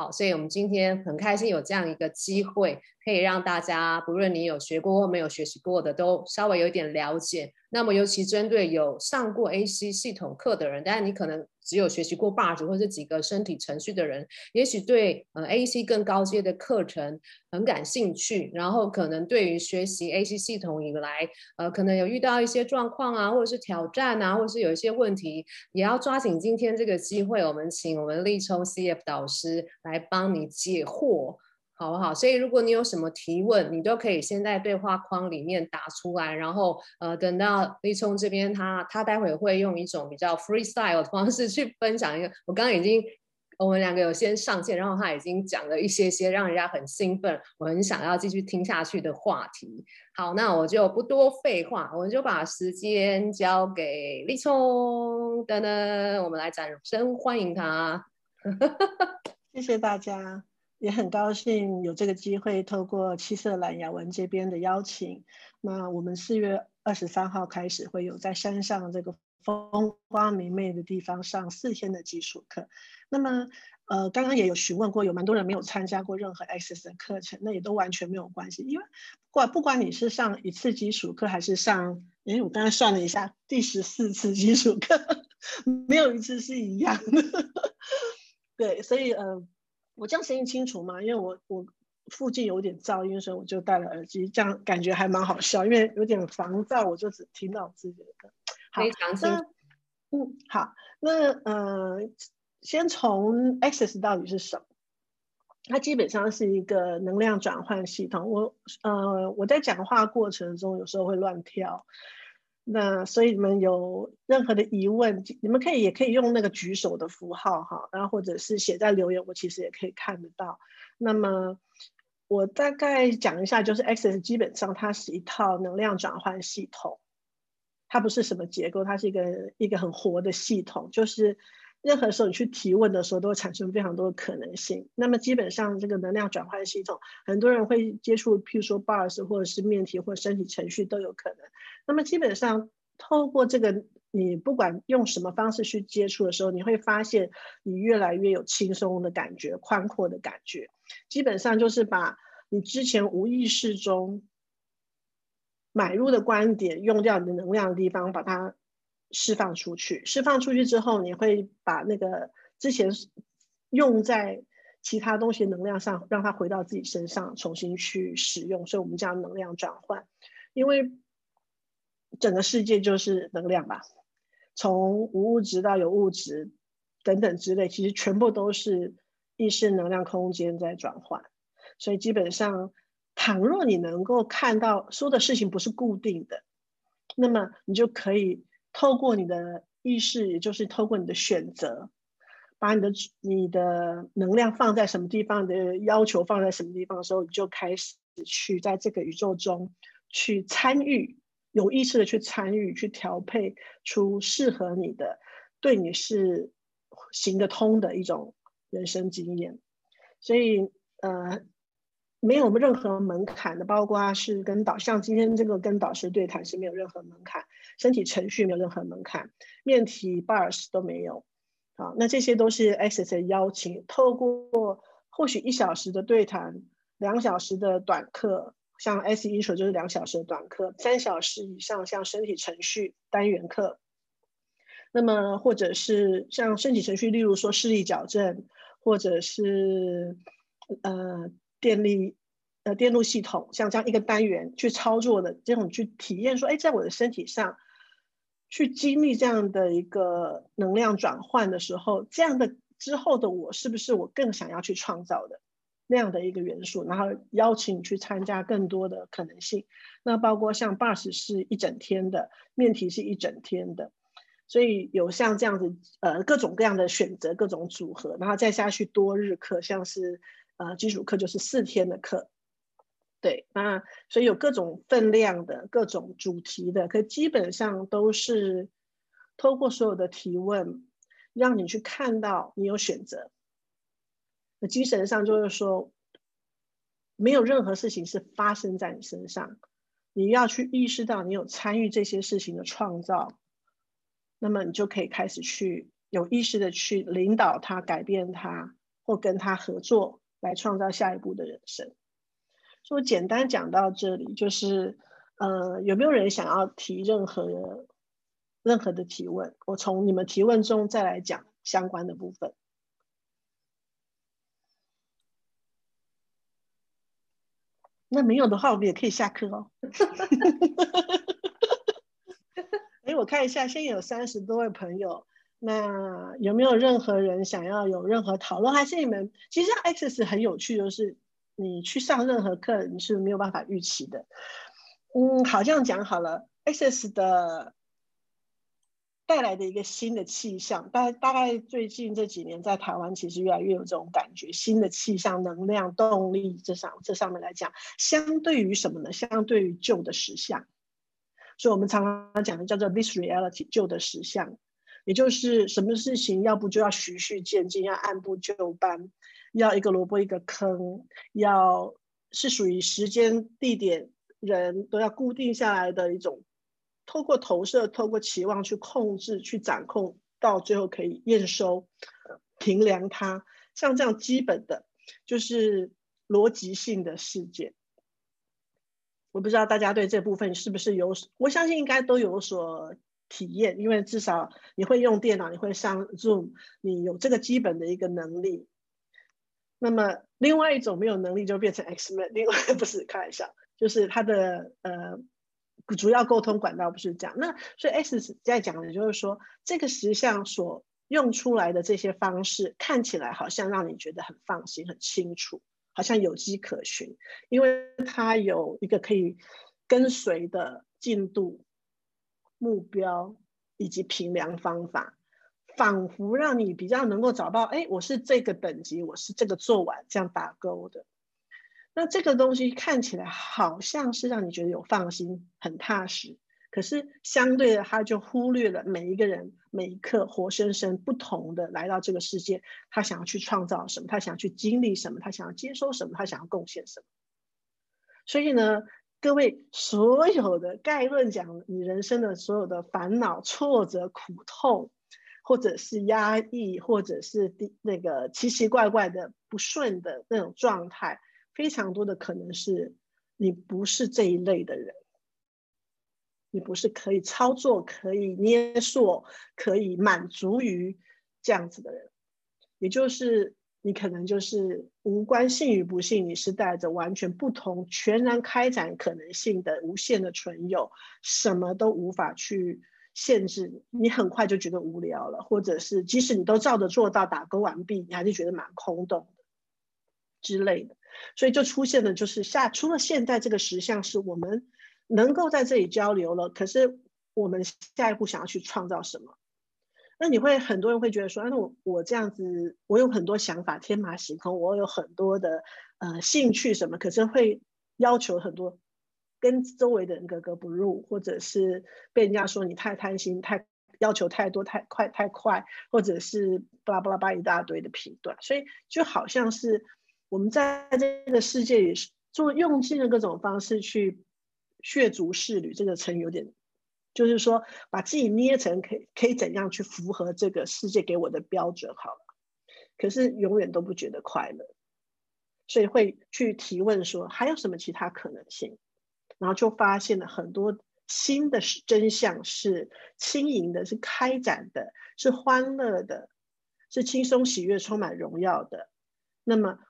好，所以我們今天很開心有這樣一個機會，可以讓大家，不論你有學過或沒有學習過的，都稍微有點了解。那麼，尤其針對有上過 AC 系統課的人，但是你可能只有學習過 Bars 或者幾個身體程序的人，也許對呃 AC 更高階的課程很感興趣，然後可能對於學習 AC 系統以來，呃，可能有遇到一些狀況啊，或者是挑戰啊，或者是有一些問題，也要抓緊今天這個機會，我們請我們立聰 CF 導師來幫你解惑。好不好？所以如果你有什麼提問，你都可以先在對話框裡面打出來，然後呃，等到立聰這邊，他他待會會用一種比較 freestyle 的方式去分享一個。我剛剛已經我們兩個有先上線，然後他已經講了一些些讓人家很興奮、我很想要繼續聽下去的話題。好，那我就不多廢話，我們就把時間交給立聰。噔噔，我們來掌聲歡迎他。哈哈哈，謝謝大家。也很高興有這個機會，透過七色嵐雅雯這邊的邀請，那我們四月二十三號開始會有在山上這個風光明媚的地方上四天的基礎課。那麼，呃，剛剛也有詢問過，有蠻多人沒有參加過任何 Access 的課程，那也都完全沒有關係，因為不管不管你是上一次基礎課還是上，因為我剛剛算了一下，第十四次基礎課沒有一次是一樣的， 對，所以呃。我這樣聲音清楚嗎？因為我我附近有點噪音，所以我就戴了耳機，這樣感覺還蠻好笑，因為有點防噪。我就只聽到自己的。好，可以嘗試。那嗯，好，那呃，先從 Access 到底是什麼？它基本上是一個能量轉換系統。我呃，我在講話過程中有時候會亂跳。那所以你們有任何的疑問，你們可以也可以用那個舉手的符號哈，然後或者是寫在留言，我其實也可以看得到。那麼我大概講一下，就是 Access 基本上它是一套能量轉換系統，它不是什麼結構，它是一個一個很活的系統，就是。任何時候你去提問的時候，都會產生非常多的可能性。那麼基本上這個能量轉換系統，很多人會接觸，譬如說 Bars 或者是面提或者身體程序都有可能。那麼基本上透過這個，你不管用什麼方式去接觸的時候，你會發現你越來越有輕鬆的感覺、寬闊的感覺。基本上就是把你之前無意識中買入的觀點用掉你的能量的地方，把它。釋放出去，釋放出去之後，你會把那個之前用在其他東西能量上，讓它回到自己身上，重新去使用。所以，我們叫能量轉換。因為整個世界就是能量吧，從無物質到有物質等等之類，其實全部都是意識能量空間在轉換。所以，基本上，倘若你能夠看到，說的事情不是固定的，那麼你就可以。透過你的意識，也就是透過你的選擇，把你的你的能量放在什麼地方，你的要求放在什麼地方的時候，你就開始去在這個宇宙中去參與，有意識的去參與，去調配出適合你的，對你是行得通的一種人生經驗。所以，呃。沒有任何門檻的，包括是跟導，像今天這個跟導師對談是沒有任何門檻，身體程序沒有任何門檻，面提 bars 都沒有。好，那這些都是 S S 的邀請，透過或許一小時的對談，兩小時的短課，像 S 一說就是兩小時短課，三小時以上像身體程序單元課，那麼或者是像身體程序，例如說視力矯正，或者是呃。電力呃，電路系統像這樣一個單元去操作的，這種去體驗說，誒、哎，在我的身體上，去經歷這樣的一個能量轉換的時候，這樣的之後的我，是不是我更想要去創造的那樣的一個元素？然後邀請你去參加更多的可能性，那包括像 Bars 是一整天的，面提是一整天的，所以有像這樣子呃，各種各樣的選擇，各種組合，然後再下去多日課，像是。啊、呃，基礎課就是四天的課，對，那所以有各種分量的各種主題的課，基本上都是透過所有的提問，讓你去看到你有選擇。那精神上就是說，沒有任何事情是發生在你身上，你要去意識到你有參與這些事情的創造，那麼你就可以開始去有意識的去領導他、改變他或跟他合作。來創造下一步的人生。就簡單講到這裡，就是呃，有沒有人想要提任何任何的提問？我從你們提問中再來講相關的部分。那沒有的話，我們也可以下課哦。 哎，我看一下，現在有三十多位朋友。那有沒有任何人想要有任何討論？還是你們其實 Access 很有趣，就是你去上任何課你是,是沒有辦法預期的。嗯，好像講好了。Access 的帶來的一個新的氣象，大大概最近這幾年在台灣其實越來越有這種感覺。新的氣象、能量、動力，這上這上面來講，相對於什麼呢？相對於舊的實相，所以我們常常講的叫做 this reality，舊的實相。也就是什麼事情，要不就要循序漸進，要按部就班，要一個蘿蔔一個坑，要是屬於時間、地點、人都要固定下來的一種，透過投射、透過期望去控制、去掌控，到最後可以驗收、評量它。像這樣基本的，就是邏輯性的事件。我不知道大家對這部分是不是有，我相信應該都有所體驗，因為至少你會用電腦，你會上 Zoom，你有這個基本的一個能力。那麼，另外一種沒有能力就變成 X-Man，另外不是開玩笑，就是它的呃主要溝通管道不是這樣。那所以 S, S 在講的就是說，這個實相所用出來的這些方式，看起來好像讓你覺得很放心、很清楚，好像有跡可循，因為它有一個可以跟隨的進度。目標以及評量方法，仿佛讓你比較能夠找到，誒，我是這個等級，我是這個做完這樣打勾的。那這個東西看起來好像是讓你覺得有放心、很踏實，可是相對的，他就忽略了每一個人、每一刻活生生不同的來到這個世界，他想要去創造什麼，他想要去經歷什麼，他想要接收什麼，他想要貢獻什麼。所以呢，各位所有的概論講，你人生的所有的煩惱、挫折、苦痛，或者是壓抑，或者是第那個奇奇怪怪的不順的那種狀態，非常多的可能是你不是這一類的人，你不是可以操作、可以捏塑、可以滿足於這樣子的人，也就是。你可能就是無關信與不信，你是帶着完全不同、全然開展可能性的無限的存有，什麼都無法去限制你。你很快就覺得無聊了，或者是即使你都照着做到打勾完畢，你還是覺得蠻空洞的之類的。所以就出現的就是下除了現在這個實相是我們能夠在這裡交流了，可是我們下一步想要去創造什麼？那你會很多人會覺得說，但、啊、是我我這樣子，我有很多想法天馬行空，我有很多的呃興趣什麼，可是會要求很多，跟周圍的人格格不入，或者是被人家說你太貪心，太要求太多太快太、太快，或者是巴拉巴拉巴一大堆的評斷，所以就好像是我們在這個世界裡做用盡了各種方式去削足適履，這個成語有點。就是說，把自己捏成可以可以怎樣去符合這個世界給我的標準好了，可是永遠都不覺得快樂，所以會去提問說還有什麼其他可能性，然後就發現了很多新的真相：是輕盈的，是開展的，是歡樂的，是輕鬆喜悅、充滿榮耀的。那麼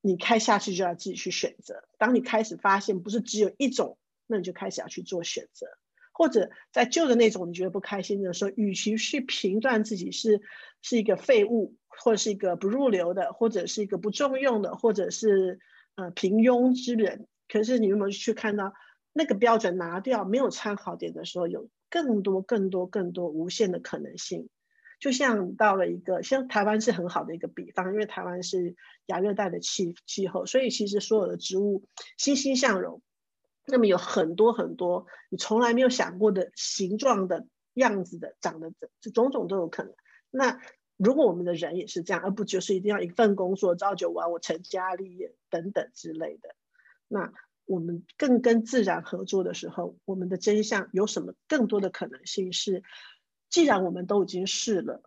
你開下去就要自己去選擇。當你開始發現不是只有一種，那你就開始要去做選擇。或者在舊的那種，你覺得不開心的時候，與其去評斷自己是是一個廢物，或者是一個不入流的，或者是一個不中用的，或者是呃平庸之人，可是你有沒有去看到那個標準拿掉，沒有參考點的時候，有更多、更多、更多、更多無限的可能性？就像到了一個，像台灣是很好的一個比方，因為台灣是亞熱帶的氣氣候，所以其實所有的植物欣欣向榮。那麼有很多很多你從來沒有想過的形狀的樣子的長得這種種都有可能。那如果我們的人也是這樣，而不就是一定要一份工作，朝九晚五，成家立業等等之類的，那我們更跟自然合作的時候，我們的真相有什麼更多的可能性是，是既然我們都已經試了，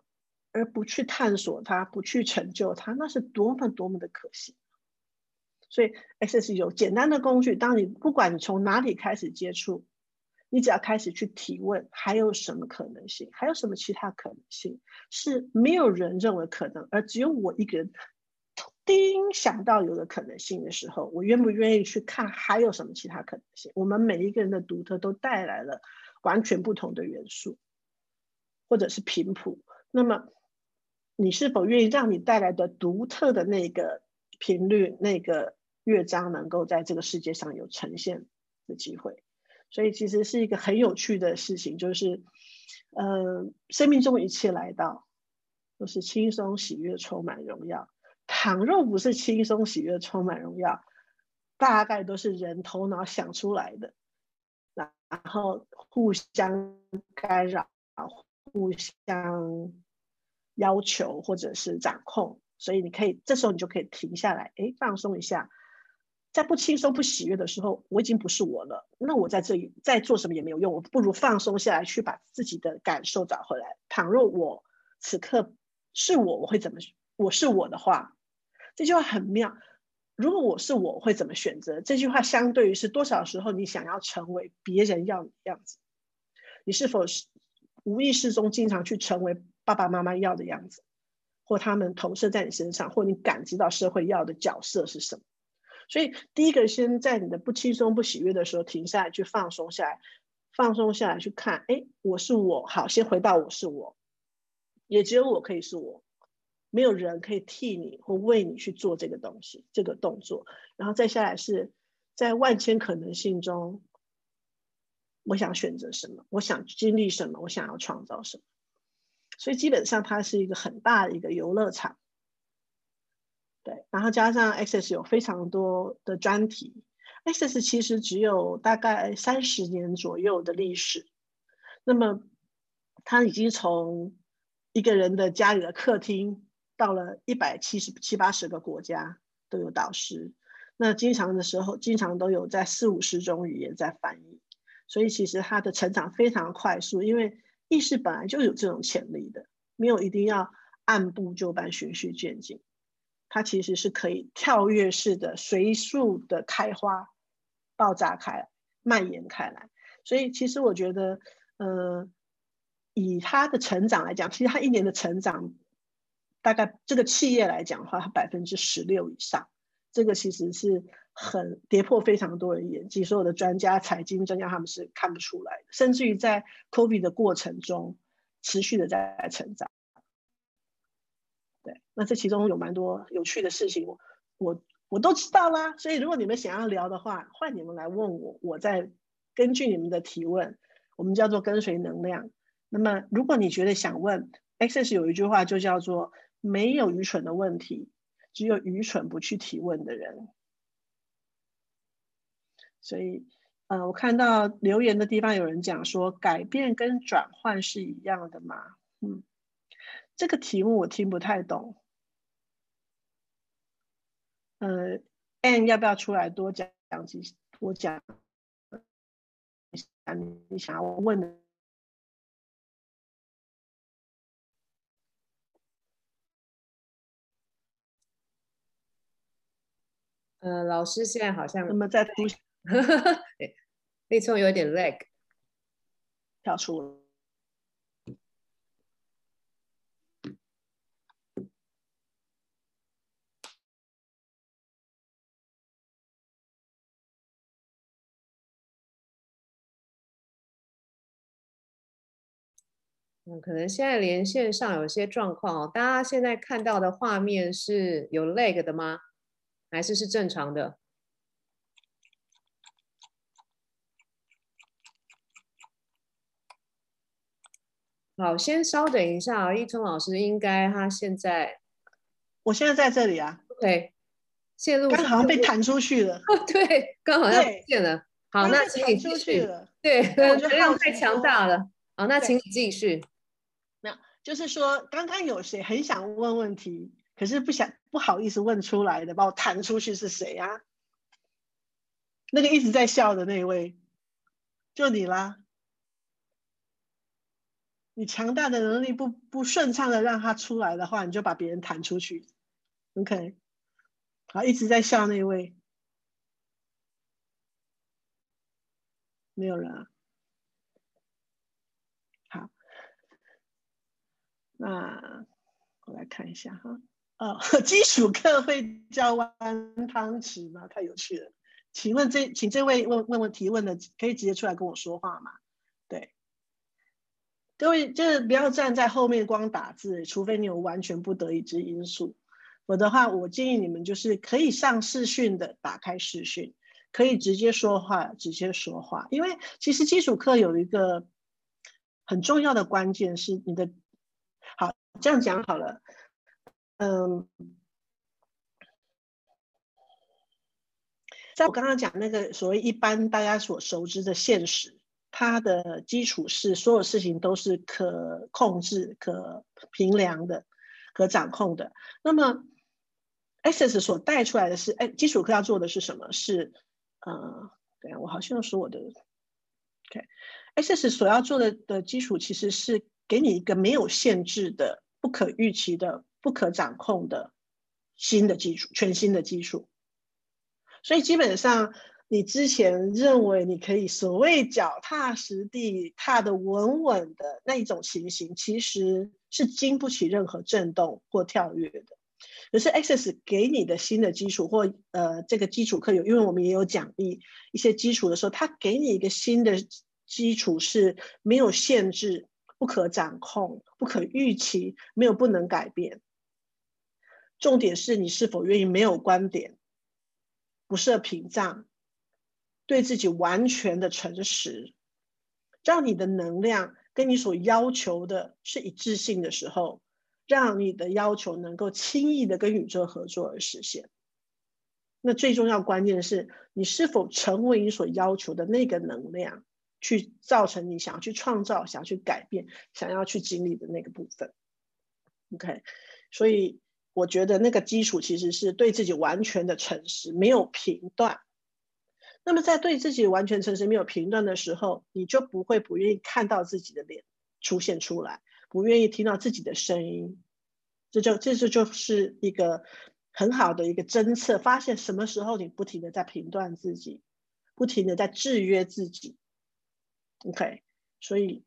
而不去探索它，不去成就它，那是多麼多麼的可惜。所以，SSE 有簡單的工具。當你不管你從哪裡開始接觸，你只要開始去提問：還有什麼可能性？還有什麼其他可能性是沒有人認為可能，而只有我一個人叮，想到有的可能性的時候，我願不願意去看還有什麼其他可能性？我們每一個人的獨特都帶來了完全不同的元素，或者是頻譜。那麼，你是否願意讓你帶來的獨特的那個頻率，那個？樂章能夠在這個世界上有呈現的機會，所以其實是一個很有趣的事情。就是，呃，生命中一切來到都是輕鬆、喜悅、充滿榮耀。倘若不是輕鬆、喜悅、充滿榮耀，大概都是人頭腦想出來的，然後互相干擾、互相要求或者是掌控。所以你可以，這時候你就可以停下來，哎，放鬆一下。在不輕鬆不喜悅的時候，我已經不是我了。那我在這裡再做什麼也沒有用，我不如放鬆下來，去把自己的感受找回來。倘若我此刻是我，我會怎麼？我是我的話，這句話很妙。如果我是我，我會怎麼選擇？這句話相對於是多少時候你想要成為別人要的樣子？你是否是無意識中經常去成為爸爸媽媽要的樣子，或他們投射在你身上，或你感知到社會要的角色是什麼？所以，第一個先在你的不輕鬆、不喜悅的時候停下來，去放鬆下來，放鬆下來去看，哎，我是我，好，先回到我是我，也只有我可以是我，沒有人可以替你或為你去做這個東西、這個動作。然後再下來是在萬千可能性中，我想選擇什麼，我想經歷什麼，我想要創造什麼。所以，基本上它是一個很大的一個遊樂場。對，然後加上 Access 有非常多的專題，Access 其實只有大概三十年左右的歷史，那麼他已經從一個人的家裡的客廳，到了一百七十七八十個國家都有導師，那經常的時候，經常都有在四五十種語言在翻譯，所以其實他的成長非常快速，因為意識本來就有這種潛力的，沒有一定要按部就班、循序漸進。它其實是可以跳躍式的、隨速的開花、爆炸開、蔓延開來。所以，其實我覺得，呃，以它的成長來講，其實它一年的成長，大概這個企業來講的話，它百分之十六以上，這個其實是很跌破非常多人眼鏡。所有的專家、財經專家他們是看不出來的，甚至於在 COVID 的過程中，持續的在成長。對，那這其中有蠻多有趣的事情，我我我都知道啦。所以如果你們想要聊的話，換你們來問我，我再根據你們的提問，我們叫做跟隨能量。那麼如果你覺得想問，Access 有一句話就叫做沒有愚蠢的問題，只有愚蠢不去提問的人。所以，呃我看到留言的地方有人講說，改變跟轉換是一樣的嗎？嗯。這個題目我聽不太懂。呃，Ann、欸、要不要出來多講多講幾？我講一你想要問的。呃，老師現在好像……那麼再讀。哈哈，對，立聰有點 lag，跳出了。嗯、可能現在連線上有些狀況哦，大家現在看到的畫面是有 lag 的嗎？還是是正常的？好，先稍等一下啊，立聰老師應該他現在，我現在在這裡啊。對，線路剛好像被彈出去了。對，剛好像不見了。對好，剛剛出去了那請你繼續。對，能量對對太強大了。好，那請你繼續。就是說，剛剛有誰很想問問題，可是不想，不好意思問出來的，把我彈出去是誰啊？那個一直在笑的那一位，就你啦。你強大的能力不，不順暢的讓他出來的話，你就把別人彈出去。OK？好，一直在笑那一位。沒有人啊。啊，我來看一下哈。呃、哦，基礎課會教彎湯匙嗎？太有趣了。請問這，請這位問問問提問的，可以直接出來跟我說話嗎？對，各位就是不要站在後面光打字，除非你有完全不得已之因素。我的話，我建議你們就是可以上視訊的，打開視訊，可以直接說話，直接說話。因為其實基礎課有一個很重要的關鍵是你的。這樣講好了，嗯，在我剛剛講那個所謂一般大家所熟知的現實，它的基礎是所有事情都是可控制、可評量的、可掌控的。那麼 Access 所帶出來的是，哎，基礎課要做的是什麼？是，呃，對我好像說我的，OK，Access，okay。所要做的的基礎其實是。給你一個沒有限制的、不可預期的、不可掌控的新的基礎，全新的基礎。所以基本上，你之前認為你可以所謂腳踏實地、踏得穩穩的那一種情形，其實是經不起任何震動或跳躍的。可是 Access 給你的新的基礎，或呃這個基礎課有，因為我們也有講義，一些基礎的時候，它給你一個新的基礎是沒有限制。不可掌控，不可預期，沒有不能改變。重點是你是否願意沒有觀點，不設屏障，對自己完全的誠實，讓你的能量跟你所要求的是一致性的時候，讓你的要求能夠輕易的跟宇宙合作而實現。那最重要關鍵是你是否成為你所要求的那個能量。去造成你想要去創造、想要去改變、想要去經歷的那個部分，OK。所以我覺得那個基礎其實是對自己完全的誠實，沒有評斷。那麼在對自己完全誠實、沒有評斷的時候，你就不會不願意看到自己的臉出現出來，不願意聽到自己的聲音。這就這是就，就是一個很好的一個偵測，發現什麼時候你不停的在評斷自己，不停的在制約自己。OK，所以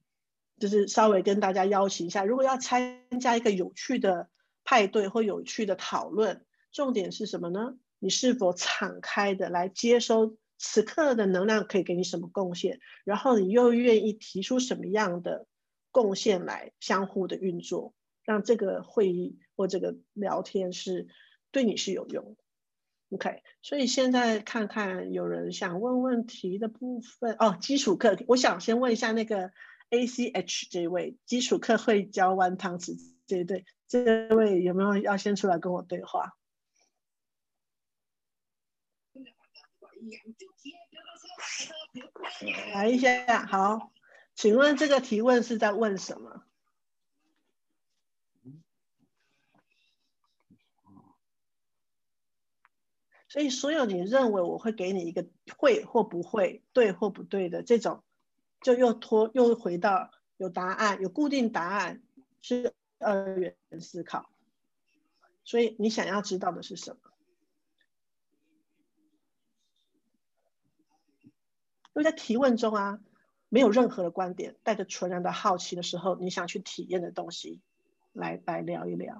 就是稍微跟大家邀請一下，如果要參加一個有趣的派對或有趣的討論，重點是什麼呢？你是否敞開的來接收此刻的能量可以給你什麼貢獻？然後你又願意提出什麼樣的貢獻來相互的運作，讓這個會議或這個聊天是對你是有用的？OK，所以現在看看有人想問問題的部分哦。基礎課，我想先問一下那個 ACH 這一位，基礎課會教彎湯匙這一對，這位有沒有要先出來跟我對話？來一下，好，請問這個提問是在問什麼？所以，所有你認為我會給你一個會或不會、對或不對的這種，就又拖又回到有答案、有固定答案是二元思考。所以，你想要知道的是什麼？因為在提問中啊，沒有任何的觀點，帶着純然的好奇的時候，你想去體驗的東西，來來聊一聊。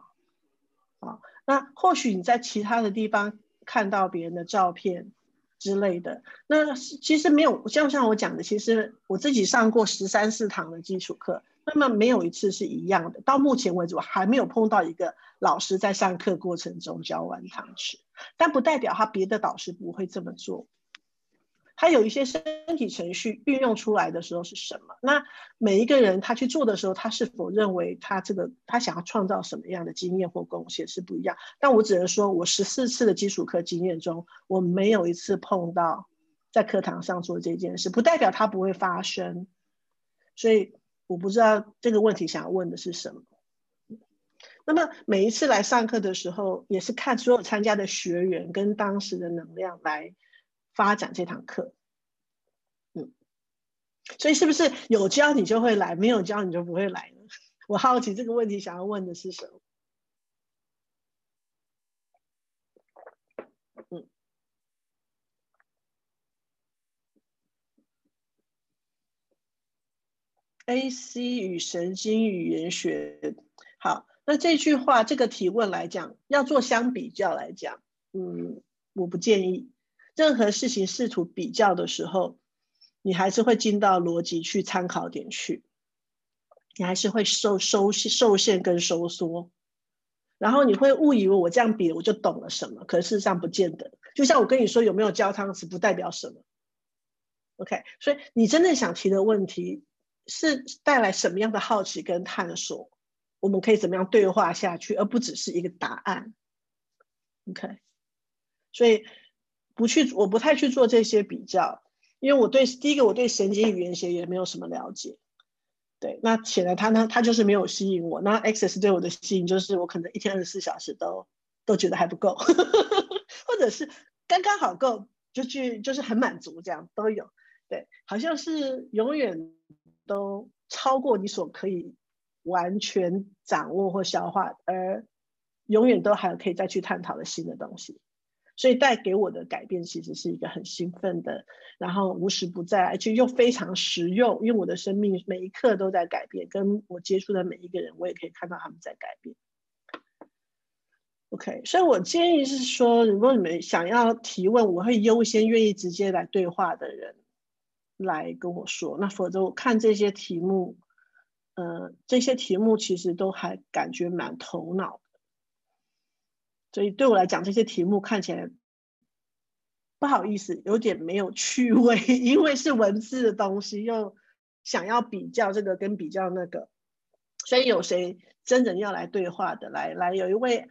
啊、哦，那或許你在其他的地方，看到別人的照片之類的，那其實沒有，像像我講的，其實我自己上過十三四堂的基礎課，那麼沒有一次是一樣的。到目前為止，我還沒有碰到一個老師在上課過程中教完堂吃，但不代表他別的導師不會這麼做。他有一些身體程序運用出來的時候是什麼？那每一個人他去做的時候，他是否認為他這個他想要創造什麼樣的經驗或貢獻是不一樣？但我只能說，我十四次的基礎課經驗中，我沒有一次碰到在課堂上做這件事，不代表它不會發生。所以我不知道這個問題想要問的是什麼。那麼每一次來上課的時候，也是看所有參加的學員跟當時的能量來。發展這堂課，嗯，所以是不是有教你就會來，沒有教你就不會來呢？ 我好奇這個問題想要問的是什麼？嗯，AC 與神經語言學，好，那這句話這個提問來講，要做相比較來講，嗯，我不建議。任何事情試圖比較的時候，你還是會進到邏輯去參考點去，你還是會受、收受限跟收縮，然後你會誤以為我這樣比我就懂了什麼，可是事實上不見得。就像我跟你說，有沒有焦糖是不代表什麼。OK，所以你真正想提的問題是帶來什麼樣的好奇跟探索？我們可以怎麼樣對話下去，而不只是一個答案。OK，所以。不去，我不太去做這些比較，因為我對第一個我對神經語言學也沒有什麼了解。對，那顯然他呢，他就是沒有吸引我。那 Access 對我的吸引就是我可能一天二十四小時都都覺得還不夠， 或者是剛剛好夠，就去就是很滿足這樣都有。對，好像是永遠都超過你所可以完全掌握或消化，而永遠都還有可以再去探討的新的東西。所以帶給我的改變其實是一個很興奮的，然後無時不在，而且又非常實用。因為我的生命每一刻都在改變，跟我接觸的每一個人，我也可以看到他們在改變。OK，所以我建議是說，如果你們想要提問，我會優先願意直接來對話的人來跟我說。那否則我看這些題目，呃，這些題目其實都還感覺蠻頭腦。所以對我來講，這些題目看起來不好意思，有點沒有趣味，因為是文字的東西，又想要比較這個跟比較那個。所以有誰真人要來對話的？來來，有一位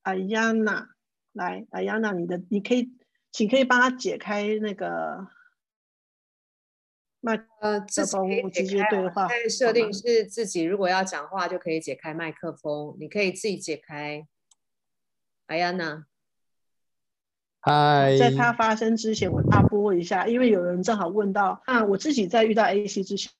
阿亞娜，來，阿亞娜，你的你可以，請可以幫他解開那個麥克風，呃、直接對話。設、呃、好嗎？定是自己如果要講話就可以解開麥克風，你可以自己解開。艾安娜，嗨！Hi 在它發生之前，我插播一下，因為有人正好問到。啊，我自己在遇到 AC 之前，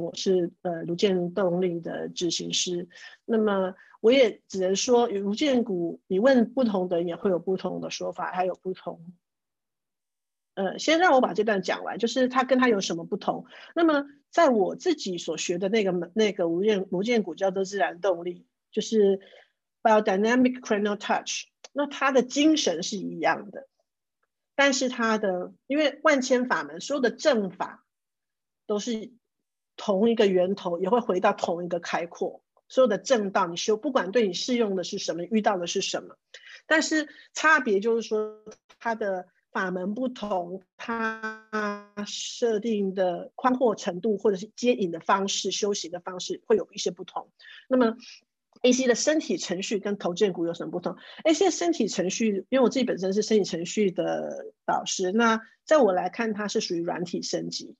我是呃顱薦動力的執行師。那麼我也只能說，顱薦骨，你問不同的人也會有不同的說法，還有不同。呃，先讓我把這段講完，就是它跟它有什麼不同。那麼在我自己所學的那個那個顱薦顱薦骨叫做自然動力，就是。Biodynamic Cranial Touch，那它的精神是一樣的，但是它的因為萬千法門，所有的正法都是同一個源頭，也會回到同一個開闊。所有的正道，你修不管對你適用的是什麼，遇到的是什麼，但是差別就是說，它的法門不同，它設定的寬闊程度或者是接引的方式、修行的方式會有一些不同。那麼。A C 的身體程序跟頭薦骨有什麼不同？A C 的身體程序，因為我自己本身是身體程序的導師，那在我來看，它是屬於軟體升級。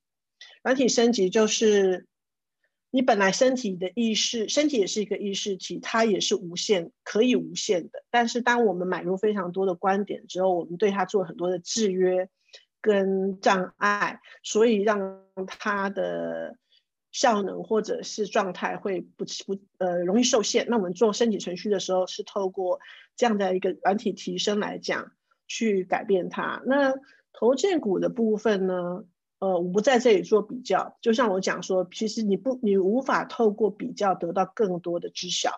軟體升級就是你本來身體的意識，身體也是一個意識體，它也是無限可以無限的。但是當我們買入非常多的觀點之後，我們對它做很多的制約跟障礙，所以讓它的。效能或者是狀態會不不、呃容易受限，那我們做身體程序的時候是透過這樣的一個軟體提升來講去改變它。那頭薦骨的部分呢，呃，我不在這裡做比較，就像我講說，其實你不你無法透過比較得到更多的知曉。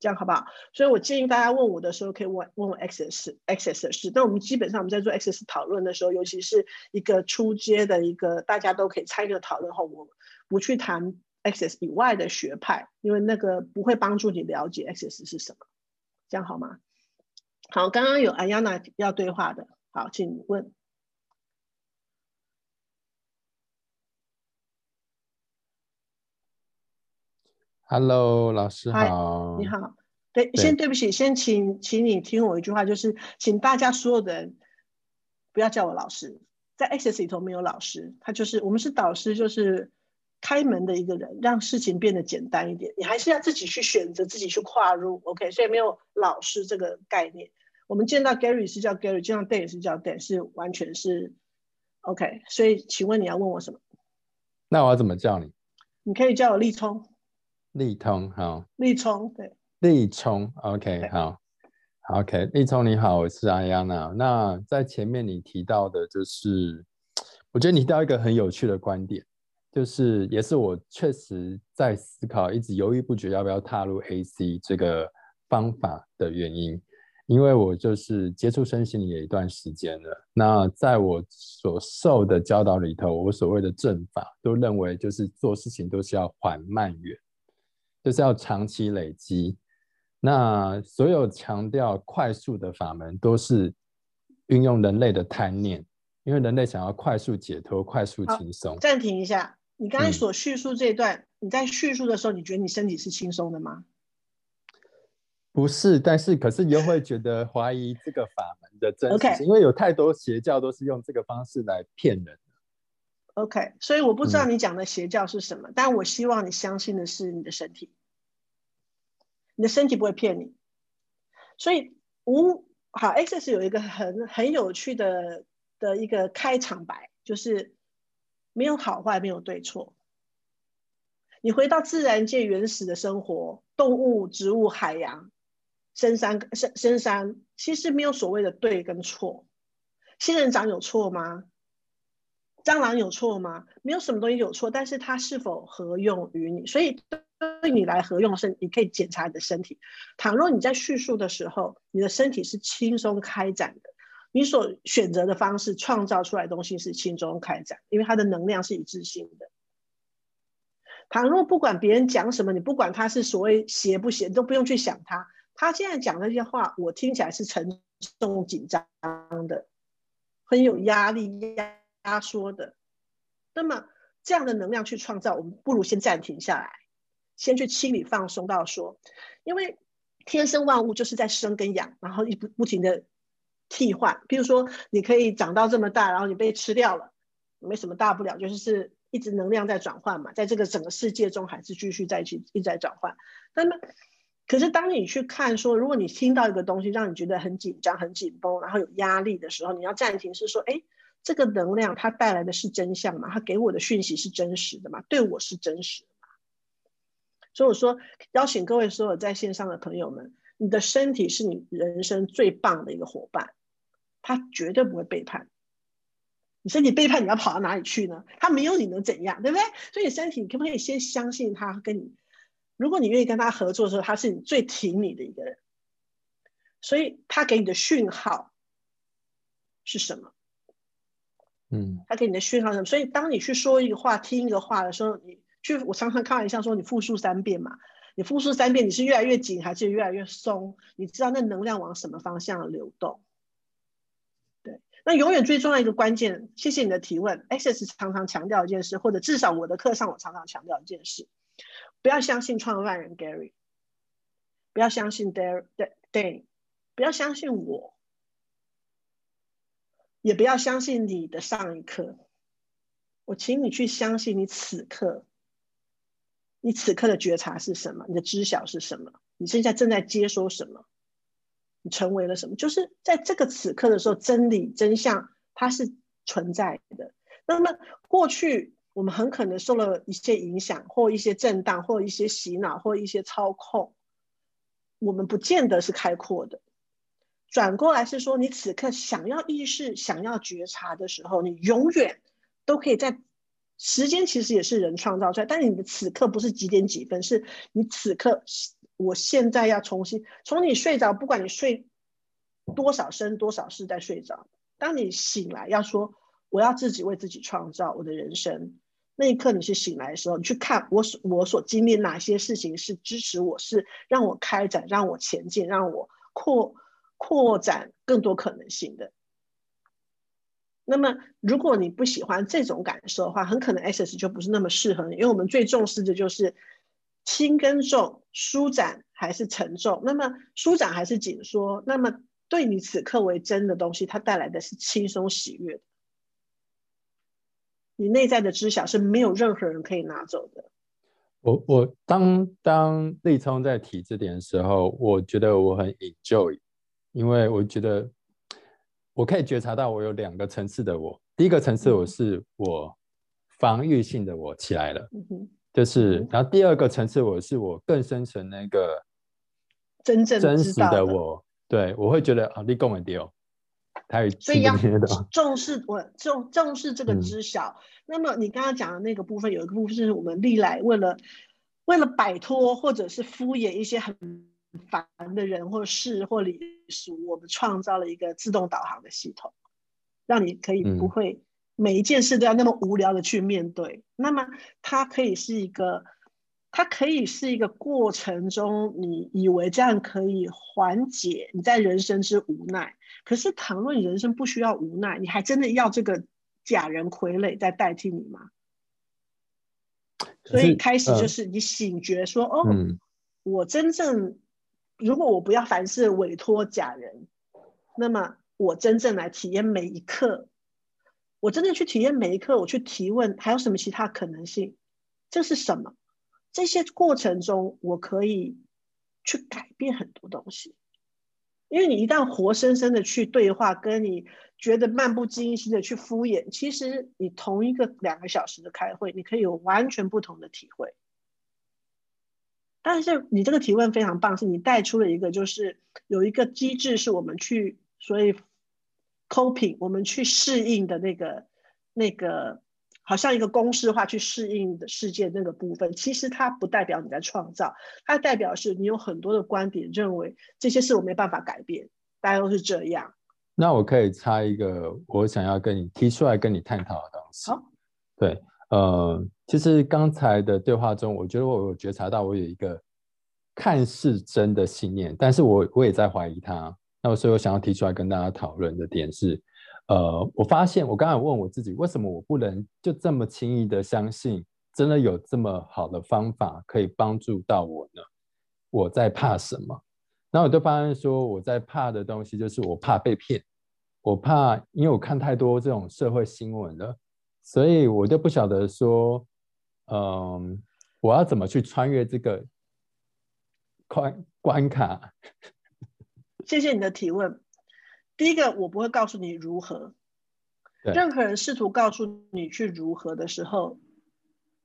這樣好不好？所以我建議大家問我的時候，可以問問 access access 的事。但我們基本上我們在做 access 討論的時候，尤其是一個初階的一個大家都可以參與討論後，我不去談 access 以外的學派，因為那個不會幫助你了解 access 是什麼，這樣好嗎？好，剛剛有阿 y a n a 要對話的，好，請問。Hello，老師好。Hi，你好，對，對先對不起，先請，請你聽我一句話，就是請大家所有的人不要叫我老師，在 Access 裡頭沒有老師，他就是我們是導師，就是開門的一個人，讓事情變得簡單一點。你還是要自己去選擇，自己去跨入。OK，所以沒有老師這個概念。我們見到 Gary 是叫 Gary，見到 Dan 是叫 Dan，是完全是 OK。所以，請問你要問我什麼？那我要怎麼叫你？你可以叫我立聰。立聰好，立聰對，立聰，OK，好，OK，立聰你好，我是阿亞娜。那在前面你提到的，就是我覺得你提到一個很有趣的觀點，就是也是我確實在思考，一直猶豫不決要不要踏入 AC 這個方法的原因，因為我就是接觸身心靈也有一段時間了。那在我所受的教導裡頭，我所謂的正法都認為就是做事情都是要緩慢遠。就是要長期累積。那所有強調快速的法門，都是運用人類的貪念，因為人類想要快速解脫、快速輕鬆。暫停一下，你剛才所敘述這一段，嗯、你在敘述的時候，你覺得你身體是輕鬆的嗎？不是，但是可是你又會覺得懷疑這個法門的真實性 Okay. 因為有太多邪教都是用這個方式來騙人。OK，所以我不知道你講的邪教是什麼，嗯、但我希望你相信的是你的身體，你的身體不會騙你。所以無好 Access，欸，、是有一個很很有趣的的一個開場白，就是沒有好壞，沒有對錯。你回到自然界原始的生活，動物、植物、海洋、深山、深深山，其實沒有所謂的對跟錯。仙人掌有錯嗎？蟑螂有錯嗎？沒有什麼東西有錯，但是它是否合用於你？所以對你來合用的是，你可以檢查你的身體。倘若你在敘述的時候，你的身體是輕鬆開展的，你所選擇的方式創造出來的東西是輕鬆開展，因為它的能量是一致性的。倘若不管別人講什麼，你不管他是所謂邪不邪，你都不用去想他。他現在講那些話，我聽起來是沉重緊張的，很有壓力，壓力。壓縮的，那麼這樣的能量去創造，我們不如先暫停下來，先去清理、放鬆到說，因為天生萬物就是在生跟養，然後一直不停的替換。譬如說，你可以長到這麼大，然後你被吃掉了，沒什麼大不了，就是是一直能量在轉換嘛，在這個整個世界中還是繼續在一起一直在轉換。那麼，可是當你去看說，如果你聽到一個東西讓你覺得很緊張、很緊繃，然後有壓力的時候，你要暫停是說，誒。這個能量它帶來的是真相嗎？它給我的訊息是真實的嗎？對我是真實的嗎？所以我說，邀請各位所有在線上的朋友們，你的身體是你人生最棒的一個夥伴，他絕對不會背叛。你身體背叛，你要跑到哪裡去呢？他沒有你能怎樣，對不對？所以你身體，你可不可以先相信他跟你？如果你願意跟他合作的時候，他是你最挺你的一個人。所以他給你的訊號是什麼？嗯，他給你的訊號，所以當你去說一個話、聽一個話的時候，你去我常常開玩笑說，你復述三遍嘛。你復述三遍，你是越來越緊還是越來越鬆？你知道那能量往什麼方向流動？對，那永遠最重要一個關鍵。謝謝你的提問。Access 常常強調一件事，或者至少我的課上我常常強調一件事：不要相信創辦人 Gary，不要相信 Dain，對對，不要相信我。也不要相信你的上一刻，我請你去相信你此刻，你此刻的覺察是什麼？你的知曉是什麼？你現在正在接收什麼？你成為了什麼？就是在這個此刻的時候，真理真相它是存在的。那麼過去我們很可能受了一些影響，或一些震盪，或一些洗腦，或一些操控，我們不見得是開闊的。轉過來是說，你此刻想要意識、想要覺察的時候，你永遠都可以在，時間其實也是人創造出來。但是你的此刻不是幾點幾分，是你此刻，我現在要重新從你睡着，不管你睡多少生、多少世在睡着。當你醒來，要說我要自己為自己創造我的人生。那一刻你是醒來的時候，你去看我所我所經歷哪些事情是支持我是，是讓我開展、讓我前進、讓我擴。擴展更多可能性的。那麼，如果你不喜歡這種感受的話，很可能 AC 就不是那麼適合你，因為我們最重視的就是輕跟重、舒展還是沉重，那麼舒展還是緊縮，那麼對你此刻為真的東西，它帶來的是輕鬆喜悅的。你內在的知曉是沒有任何人可以拿走的。我我當當立聰在提這點的時候，我覺得我很 enjoy。因為我覺得，我可以覺察到我有兩個層次的我。第一個層次我是我防禦性的我起來了，嗯、哼就是，然後第二個層次我是我更深層那個真正真實的我。對，我會覺得啊，立更穩定，太有智慧的。所以要重視我重重視這個知曉。嗯、那麼你剛剛講的那個部分，有一個部分是我們歷來為了為了擺脫或者是敷衍一些很。煩的人或事或禮俗，我們創造了一個自動導航的系統，讓你可以不會每一件事都要那麼無聊的去面對。嗯、那麼它可以是一個，它可以是一個過程中，你以為這樣可以緩解你在人生之無奈。可是，倘若你人生不需要無奈，你還真的要這個假人傀儡在代替你嗎？是所以開始就是你醒覺說，嗯、哦，我真正。如果我不要凡事委託假人，那麼我真正來體驗每一刻，我真正去體驗每一刻，我去提問還有什麼其他可能性？這是什麼？這些過程中我可以去改變很多東西，因為你一旦活生生的去對話，跟你覺得漫不經心的去敷衍，其實你同一個兩個小時的開會，你可以有完全不同的體會。但是你這個提問非常棒，是你帶出了一個，就是有一個機制是我們去所以 coping，我們去適應的那個那個，好像一個公式化去適應的世界的那個部分，其實它不代表你在創造，它代表是你有很多的觀點認為這些事我沒辦法改變，大家都是這樣。那我可以插一個，我想要跟你提出來跟你探討的東西。哦，對。呃，其實剛才的對話中，我覺得我有覺察到我有一個看似真的信念，但是我我也在懷疑它。那我所以我想要提出來跟大家討論的點是，呃，我發現我剛才問我自己，為什麼我不能就這麼輕易的相信，真的有這麼好的方法可以幫助到我呢？我在怕什麼？然後我就發現說，我在怕的東西就是我怕被騙，我怕因為我看太多這種社會新聞了。所以我就不曉得說，嗯，我要怎麼去穿越這個關關卡？謝謝你的提問。第一個，我不會告訴你如何。對任何人試圖告訴你去如何的時候，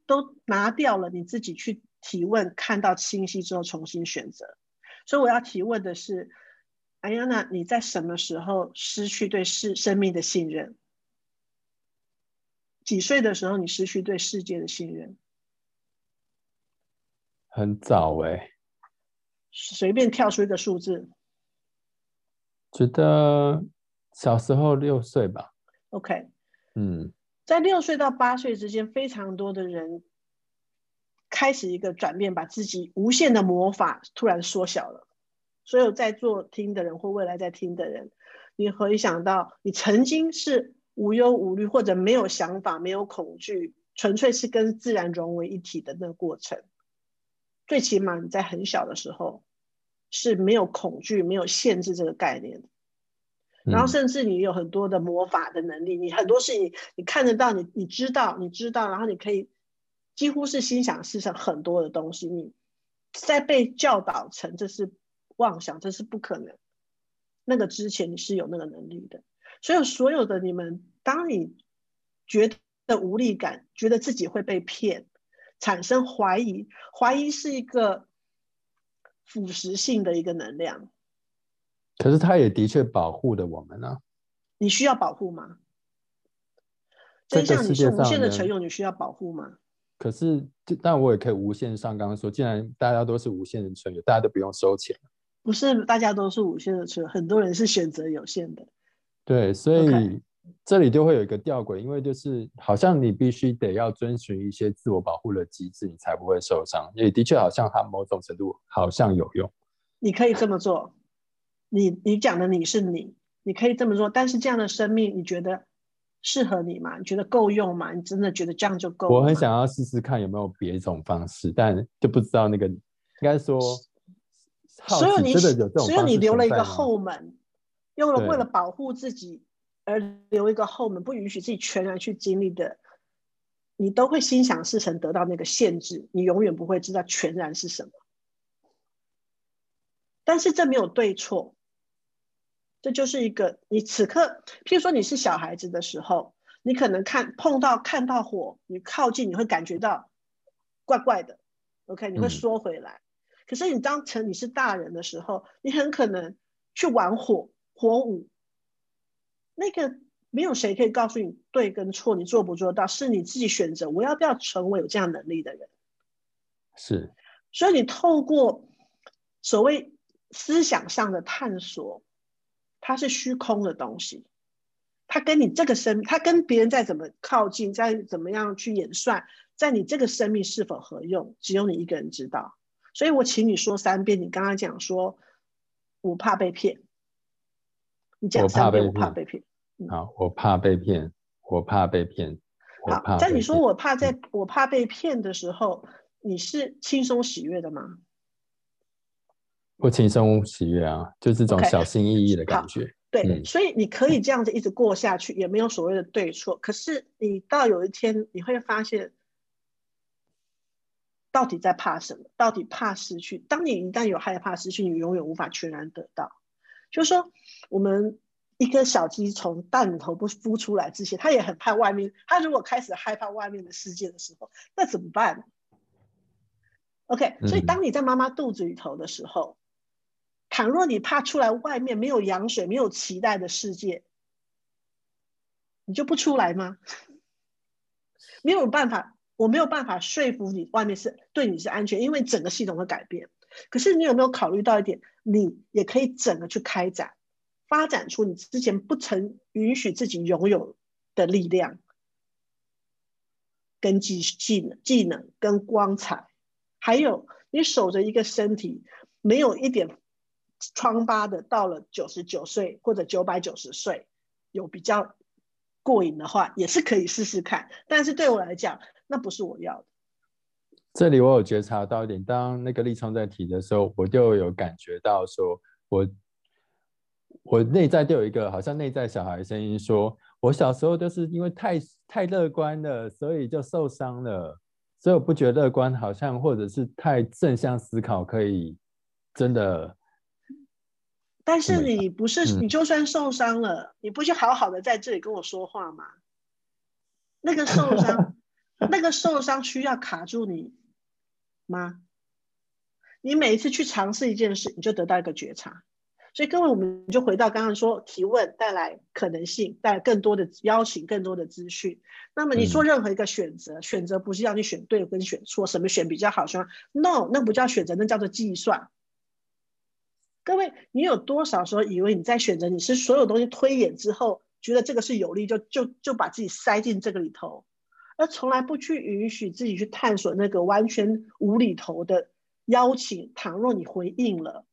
都拿掉了你自己去提問，看到信息，之後重新選擇。所以我要提問的是，艾安娜，你在什麼時候失去對是生命的信任？幾歲的時候，你失去對世界的信任？很早哎、欸，隨便跳出一個數字。覺得小時候六歲吧。OK，嗯，在六歲到八歲之間，非常多的人開始一個轉變，把自己無限的魔法突然縮小了。所有在座聽的人或未來在聽的人，你可以想到你曾經是。無憂無慮，或者沒有想法、沒有恐懼，純粹是跟自然融為一體的那個過程。最起碼你在很小的時候是沒有恐懼、沒有限制這個概念。然後，甚至你有很多的魔法的能力，嗯、你很多事情你看得到，你你知道，你知道，然後你可以幾乎是心想事成。很多的東西你在被教導成這是妄想，這是不可能。那個之前你是有那個能力的。所以，所有的你們，當你覺得無力感，覺得自己會被騙，產生懷疑，懷疑是一個腐蝕性的一個能量。可是，它也的確保護了我們呢、啊。你需要保護嗎？真相，像你是無限的存有，你需要保護嗎？可是，但我也可以無限上綱說，既然大家都是無限的存有，大家都不用收錢。不是，大家都是無限的存有，很多人是選擇有限的。對，所以這裡就會有一個吊詭，Okay. 因為就是好像你必須得要遵循一些自我保護的機制，你才不會受傷。也的確好像它某種程度好像有用。你可以這麼做，你你講的你是你，你可以這麼做，但是這樣的生命你覺得適合你嗎？你覺得夠用嗎？你真的覺得這樣就夠？我很想要試試看有沒有別一種方式，但就不知道那個應該說好，所以你真的有這種方式在嗎？所以你留了一個後門。用了為了保護自己而留一個後門，對不允許自己全然去經歷的，你都會心想事成得到那個限制，你永遠不會知道全然是什麼。但是這沒有對錯，這就是一個你此刻，譬如說你是小孩子的時候，你可能看碰到看到火，你靠近你會感覺到怪怪的，OK，你會縮回來。嗯、可是你當成你是大人的時候，你很可能去玩火。火舞，那個沒有誰可以告訴你對跟錯，你做不做得到，是你自己選擇。我要不要成為有這樣能力的人？是，所以你透過所謂思想上的探索，它是虛空的東西。它跟你這個生，它跟別人再怎麼靠近，再怎麼樣去演算，在你這個生命是否合用，只有你一個人知道。所以我請你說三遍，你剛剛講說，不怕被騙。我怕被我怕被騙啊、嗯！我怕被騙，我怕被騙，好我怕被。在你說我怕，在我怕被騙的時候，嗯、你是輕鬆喜悅的嗎？不輕鬆喜悅啊，嗯、就是這種小心翼翼的感覺。對，所以你可以這樣子一直過下去， 也沒有所謂的對錯。可是你到有一天，你會發現，到底在怕什麼？到底怕失去？當你一旦有害怕失去，你永遠無法全然得到。就是、說。我們一顆小雞從蛋裡頭不孵出來之前，它也很怕外面。它如果開始害怕外面的世界的時候，那怎麼辦？OK，所以當你在媽媽肚子裡頭的時候，嗯、倘若你怕出來外面沒有羊水、沒有臍帶的世界，你就不出來嗎？沒有辦法，我沒有辦法說服你，外面是對你是安全，因為整個系統的改變。可是你有沒有考慮到一點？你也可以整個去開展。發展出你之前不曾允許自己擁有的力量，跟技技能、技能跟光彩。還有你守着一個身體沒有一點瘡疤的，到了九十九歲或者九百九十歲，有比較過癮的話，也是可以試試看。但是對我來講，那不是我要的。這裡我有覺察到一點，當那個立聰在提的時候，我就有感覺到說，我我內在都有一個好像內在小孩聲音說，我小時候就是因為太太樂觀了，所以就受傷了。所以我不覺得樂觀好像或者是太正向思考可以真的。但是你不是、嗯、你就算受傷了，嗯、你不就好好的在這裡跟我說話嗎？那個受傷， 那個受傷需要卡住你嗎？你每一次去嘗試一件事，你就得到一個覺察。所以各位，我們就回到剛剛說，提問帶來可能性，帶來更多的邀請，更多的資訊。那麼你做任何一個選擇，選擇不是要你選對跟選錯，什麼選比較好？什麼？No，那不叫選擇，那叫做計算。各位，你有多少時候以為你在選擇？你是所有東西推演之後，覺得這個是有利，就就就把自己塞進這個裡頭，而從來不去允許自己去探索那個完全無厘頭的邀請。倘若你回應了。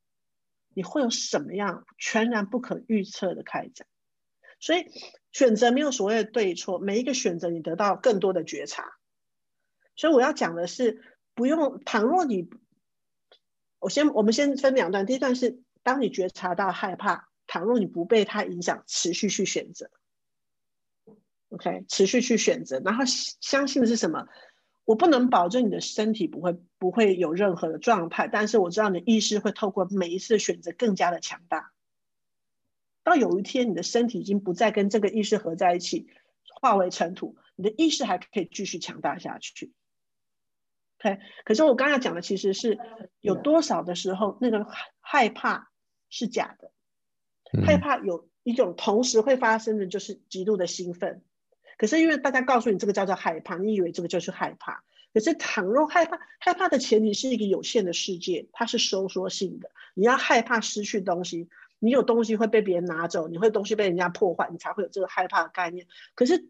你會有什麼樣全然不可預測的開展？所以選擇沒有所謂的對錯，每一個選擇你得到更多的覺察。所以我要講的是，不用。倘若你，我先我們先分兩段。第一段是當你覺察到害怕，倘若你不被它影響，持續去選擇，OK，持續去選擇，然後相信的是什麼？我不能保證你的身體不會不會有任何的狀態，但是我知道你的意識會透過每一次選擇更加的強大。到有一天你的身體已經不再跟這個意識合在一起，化為塵土，你的意識還可以繼續強大下去。OK，可是我剛才講的其實是有多少的時候，那個害怕是假的，嗯，害怕有一種同時會發生的就是極度的興奮。可是因為大家告訴你這個叫做害怕，你以為這個就是害怕。可是倘若害怕，害怕的前提是一個有限的世界，它是收縮性的。你要害怕失去東西，你有東西會被別人拿走，你會東西被人家破壞，你才會有這個害怕的概念。可是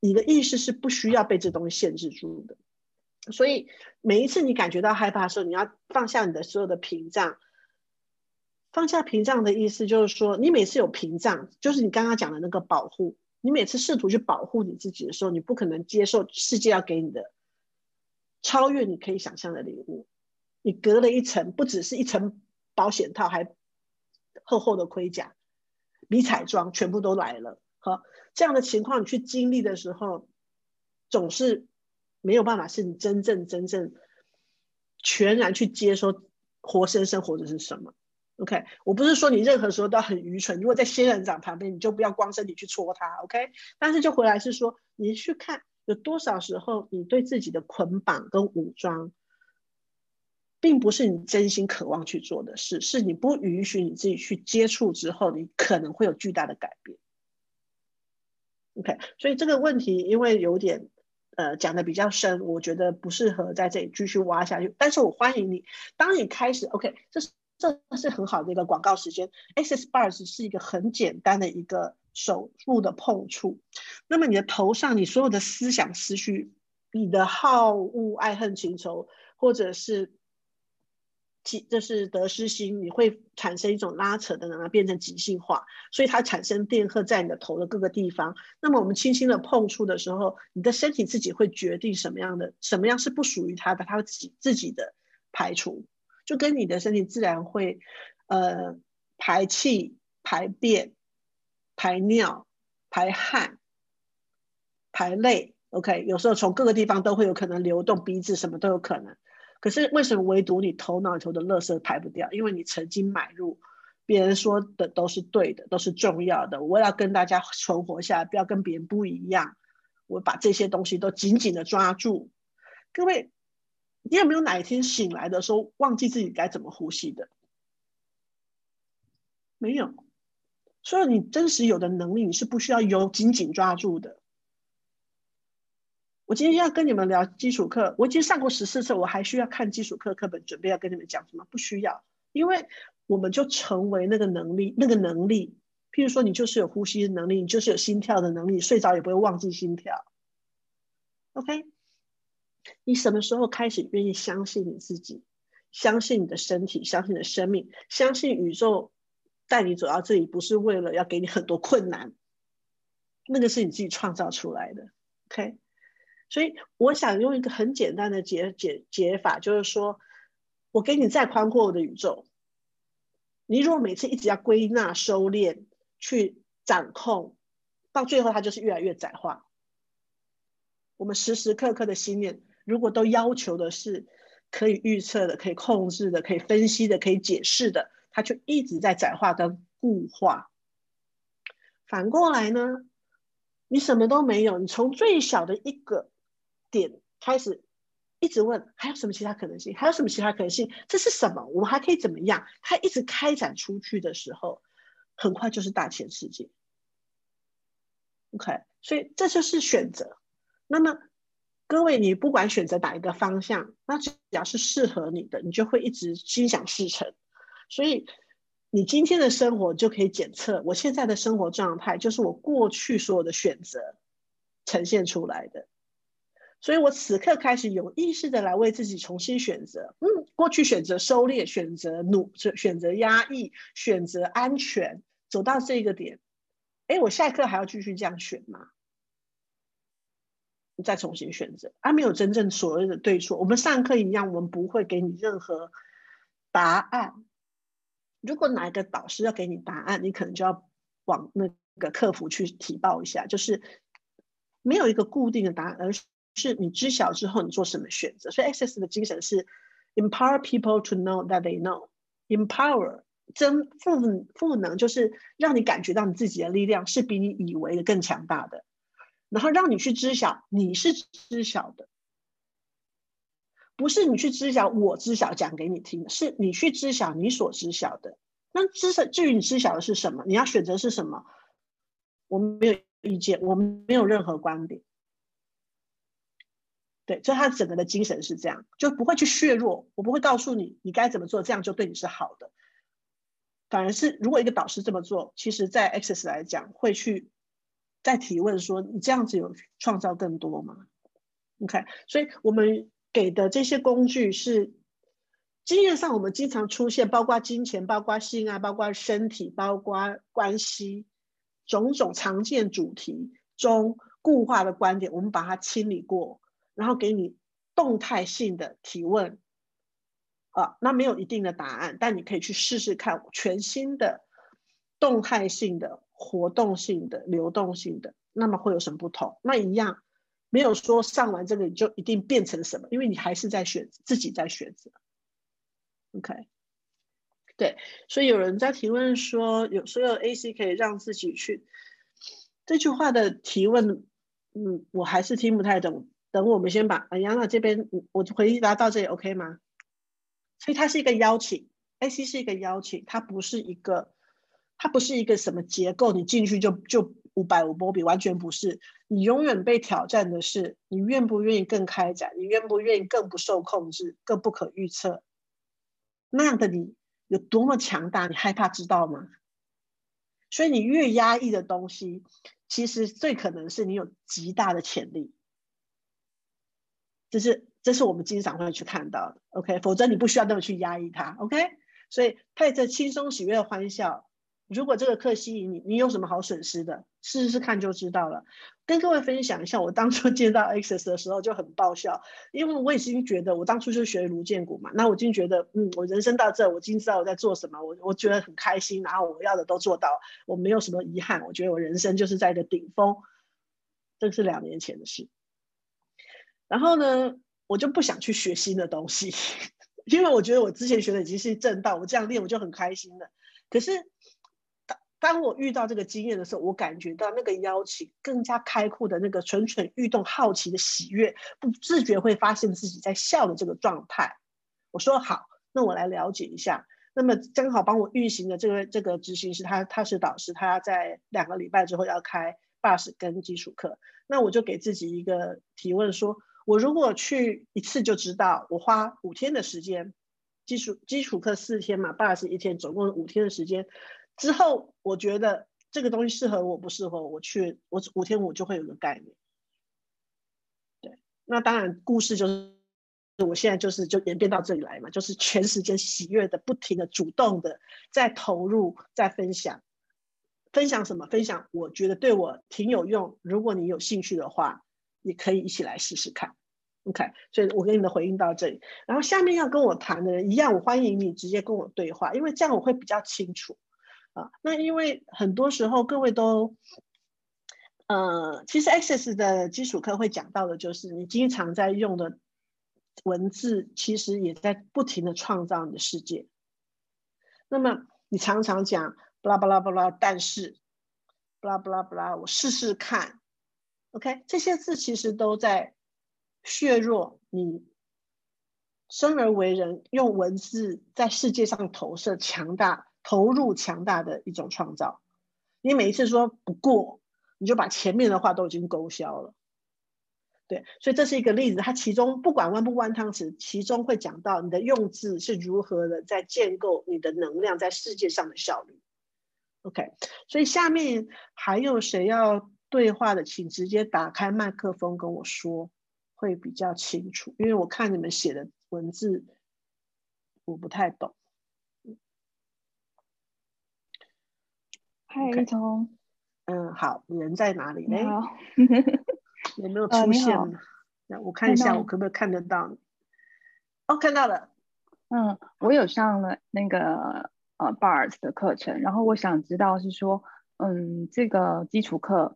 你的意識是不需要被這東西限制住的。所以每一次你感覺到害怕的時候，你要放下你的所有的屏障。放下屏障的意思就是說，你每次有屏障，就是你剛剛講的那個保護。你每次試圖去保護你自己的時候，你不可能接受世界要給你的超越你可以想象的禮物。你隔了一層，不只是一層保險套，還厚厚的盔甲、迷彩裝，全部都來了。好，這樣的情況你去經歷的時候，總是沒有辦法是你真正真正全然去接受活生生活着是什麼。OK，我不是說你任何時候都很愚蠢。如果在仙人掌旁邊，你就不要光身體去戳它。OK，但是就回來是說，你去看有多少時候，你對自己的捆綁跟武裝，並不是你真心渴望去做的事，是你不允許你自己去接觸之後，你可能會有巨大的改變。OK，所以這個問題因為有點呃講得比較深，我覺得不適合在這裡繼續挖下去。但是我歡迎你，當你開始，OK，這是。這是很好的一個廣告時間。Access Bars 是一個很簡單的一個手部的碰觸，那麼你的頭上，你所有的思想思緒，你的好惡、愛恨情仇，或者是幾，這、就是得失心，你會產生一種拉扯的，能量，變成極性化，所以它產生電荷在你的頭的各個地方。那麼我們輕輕的碰觸的時候，你的身體自己會決定什麼樣的，什麼樣是不屬於它的，它會自己自己的排除。就跟你的身體自然會，呃，排氣、排便、排尿、排汗、排淚，OK，有時候從各個地方都會有可能流動，鼻子什麼都有可能。可是為什麼唯獨你頭腦裡頭的垃圾排不掉？因為你曾經買入，別人說的都是對的，都是重要的。我要跟大家存活下來，不要跟別人不一樣，我把這些東西都緊緊的抓住。各位。你有沒有哪一天醒來的時候忘記自己該怎麼呼吸的？沒有。所以你真實有的能力，你是不需要有緊緊抓住的。我今天要跟你們聊基礎課，我已經上過十四次，我還需要看基礎課課本準備要跟你們講什麼？不需要，因為我們就成為那個能力，那個能力。譬如說，你就是有呼吸的能力，你就是有心跳的能力，你睡着也不會忘記心跳。OK。你什麼時候開始願意相信你自己，相信你的身體，相信你的生命，相信宇宙帶你走到這裡，不是為了要給你很多困難，那個是你自己創造出來的。OK，所以我想用一個很簡單的解解解法，就是說我給你再寬闊的宇宙，你如果每次一直要歸納收斂去掌控，到最後它就是越來越窄化。我們時時刻刻的心念。如果都要求的是可以預測的、可以控制的、可以分析的、可以解釋的，它就一直在窄化跟固化。反過來呢，你什麼都沒有，你從最小的一個點開始，一直問還有什麼其他可能性，還有什麼其他可能性，這是什麼？我們還可以怎麼樣？它一直開展出去的時候，很快就是大千世界。OK，所以這就是選擇。那麼。各位，你不管選擇哪一個方向，那只要是適合你的，你就會一直心想事成。所以，你今天的生活，就可以檢測我現在的生活狀態，就是我過去所有的選擇呈現出來的。所以我此刻開始有意識的來為自己重新選擇。嗯，過去選擇收斂，選擇努，選擇壓抑，選擇安全，走到這個點，哎，我下一刻還要繼續這樣選嗎？再重新選擇，而、啊、沒有真正所謂的對錯。我們上課一樣，我們不會給你任何答案。如果哪一個導師要給你答案，你可能就要往那個客服去提報一下。就是沒有一個固定的答案，而是你知曉之後你做什麼選擇。所以 Access 的精神是 Empower people to know that they know Empower。Empower 真賦賦能，就是讓你感覺到你自己的力量是比你以為的更強大的。然後讓你去知曉，你是知曉的，不是你去知曉，我知曉講給你聽，是你去知曉你所知曉的。那知至於你知曉的是什麼，你要選擇是什麼，我沒有意見，我沒有任何觀點。對，就他整個的精神是這樣，就不會去削弱。我不會告訴你你該怎麼做，這樣就對你是好的。反而是如果一個導師這麼做，其實在 Access 來講會去。在提問說，你這樣子有創造更多嗎？OK，所以我們給的這些工具是，經驗上我們經常出現，包括金錢、包括性愛、包括身體、包括關係，種種常見主題中固化的觀點，我們把它清理過，然後給你動態性的提問，啊，那沒有一定的答案，但你可以去試試看全新的動態性的。活動性的、流動性的，那麼會有什麼不同？那一樣，沒有說上完這個你就一定變成什麼，因為你還是在選，自己在選擇。OK，對，所以有人在提問說，有所有 AC 可以讓自己去，這句話的提問，嗯，我還是聽不太懂。等我們先把安娜這邊，我我回答到這裡 OK 嗎？所以它是一個邀請，AC 是一個邀請，它不是一個。它不是一個什麼結構，你進去就就五百五 b 比完全不是。你永遠被挑戰的是，你願不願意更開展，你願不願意更不受控制、更不可預測？那樣的你有多麼強大，你害怕知道嗎？所以你越壓抑的東西，其實最可能是你有極大的潛力。這是這是我們經常會去看到的，OK？否則你不需要那麼去壓抑它，OK？所以帶着輕鬆喜悅的歡笑。如果這個課吸引你，你有什麼好損失的？試試看就知道了。跟各位分享一下，我當初見到 Access 的時候就很爆笑，因為我已經覺得我當初就學盧建古嘛，那我已經覺得，嗯，我人生到這，我已經知道我在做什麼，我我覺得很開心，然後我要的都做到，我沒有什麼遺憾，我覺得我人生就是在一個頂峰，這是兩年前的事。然後呢，我就不想去學新的東西，因為我覺得我之前學的已經是正道，我這樣練我就很開心了。可是。當我遇到這個經驗的時候，我感覺到那個邀請更加開闊的那個蠢蠢欲動、好奇的喜悅，不自覺會發現自己在笑的這個狀態。我說好，那我來了解一下。那麼剛好幫我運行的這位、個、這個執行師，他他是導師，他在兩個禮拜之後要開 Bars 跟基礎課，那我就給自己一個提問說：說我如果去一次就知道，我花五天的時間，基礎基礎課四天嘛，Bars 一天，總共五天的時間。之後，我覺得這個東西適合我不適合我，我去我五天我就會有個概念。對，那當然故事就是，我現在就是就演變到這裡來嘛，就是全時間喜悅的，不停的主動的在投入，在分享。分享什麼？分享我覺得對我挺有用。如果你有興趣的話，你可以一起來試試看。OK，所以我給你的回應到這裡。然後下面要跟我談的人一樣，我歡迎你直接跟我對話，因為這樣我會比較清楚。那因為很多時候，各位都，呃，其實 Access 的基礎課會講到的，就是你經常在用的文字，其實也在不停的創造你的世界。那麼你常常講，巴拉巴拉巴拉，但是，巴拉巴拉巴拉，我試試看，OK，這些字其實都在削弱你生而為人用文字在世界上投射強大。投入強大的一種創造，你每一次說不過，你就把前面的話都已經勾銷了。對，所以這是一個例子。它其中不管彎不彎湯匙，其中會講到你的用字是如何的在建構你的能量在世界上的效率。OK，所以下面還有誰要對話的，請直接打開麥克風跟我說，會比較清楚，因為我看你們寫的文字，我不太懂。嗨，聰，Hi, Okay. 嗯，好，人在哪裡呢？你好，有沒有出現？那、 呃、我看一下，我可不可以看得到？到哦，看到了。嗯，我有上了那個呃、uh,，Bars 的課程，然後我想知道是說，嗯，這個基礎課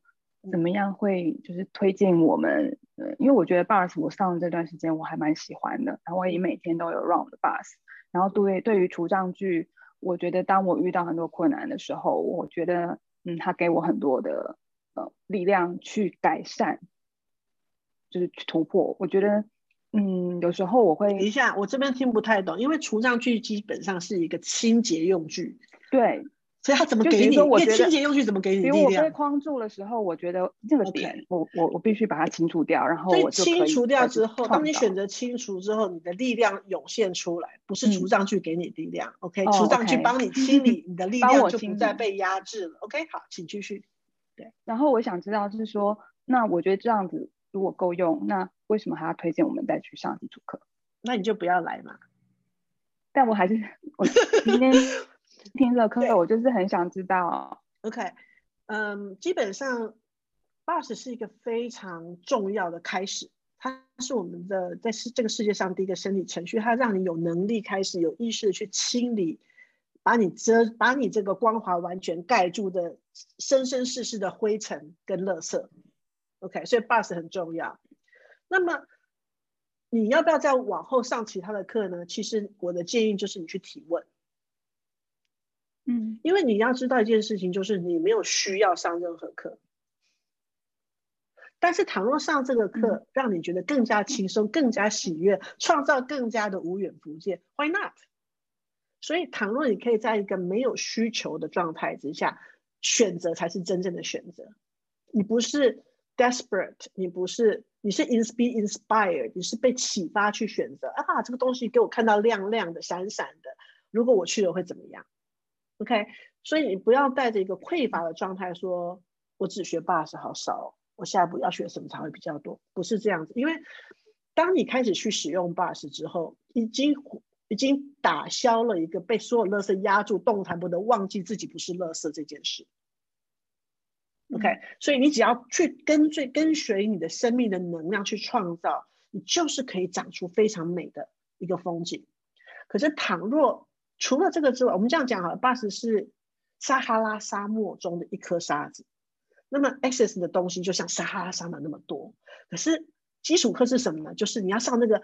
怎麼樣會就是推進我們？呃、嗯嗯，因為我覺得 Bars 我上的這段時間我還蠻喜歡的，然後我也每天都有 run 我的 Bars，然後對對於除障句我覺得，當我遇到很多困難的時候，我覺得，嗯，他給我很多的呃力量去改善，就是去突破。我覺得，嗯，有時候我會等一下，我這邊聽不太懂，因為除障具基本上是一個清潔用具。對。所以他怎麼給你？我覺得清潔用具怎麼給你力量？比如我被框住的時候，我覺得這個點，我我我必須把它清除掉，然後我就清除掉之後，當你選擇清除之後，你的力量湧現出來，不是除障具給你力量，OK？除障具幫你清理，你的力量就不再被壓制了，OK？好，請繼續。對，然後我想知道就是說，那我覺得這樣子如果夠用，那為什麼還要推薦我們再去上基礎課？那你就不要來嘛。但我還是我今天。聽了，課，對我就是很想知道。OK，嗯，基本上，Bars 是一個非常重要的開始，它是我們的在世這個世界上第一個生理程序，它讓你有能力開始有意識的去清理，把你這把你這個光環完全蓋住的生生世世的灰塵跟垃圾。OK，所以 Bars 很重要。那麼，你要不要再往後上其他的課呢？其實我的建議就是你去提問。嗯，因為你要知道一件事情，就是你沒有需要上任何課。但是倘若上這個課讓你覺得更加輕鬆、更加喜悅，創造更加的無遠弗屆，Why not？所以倘若你可以在一個沒有需求的狀態之下，選擇才是真正的選擇。你不是 desperate，你不是，你是 be inspired，你是被啟發去選擇，啊，這個東西給我看到亮亮的、閃閃的，如果我去了會怎麼樣？OK，所以你不要帶着一個匱乏的狀態，說我只學 Bars 好少，我下一步要學什麼才會比較多？不是這樣子，因為當你開始去使用 Bars 之後，已經已經打消了一個被所有垃圾壓住，動彈不得，忘記自己不是垃圾這件事。OK，所以你只要去跟隨跟隨你的生命的能量去創造，你就是可以長出非常美的一個風景。可是倘若，除了這個之外，我們這樣講好了，Bars 是撒哈拉沙漠中的一顆沙子。那麼 Access 的東西就像撒哈拉沙漠那麼多。可是，基礎課是什麼呢？就是你要上那個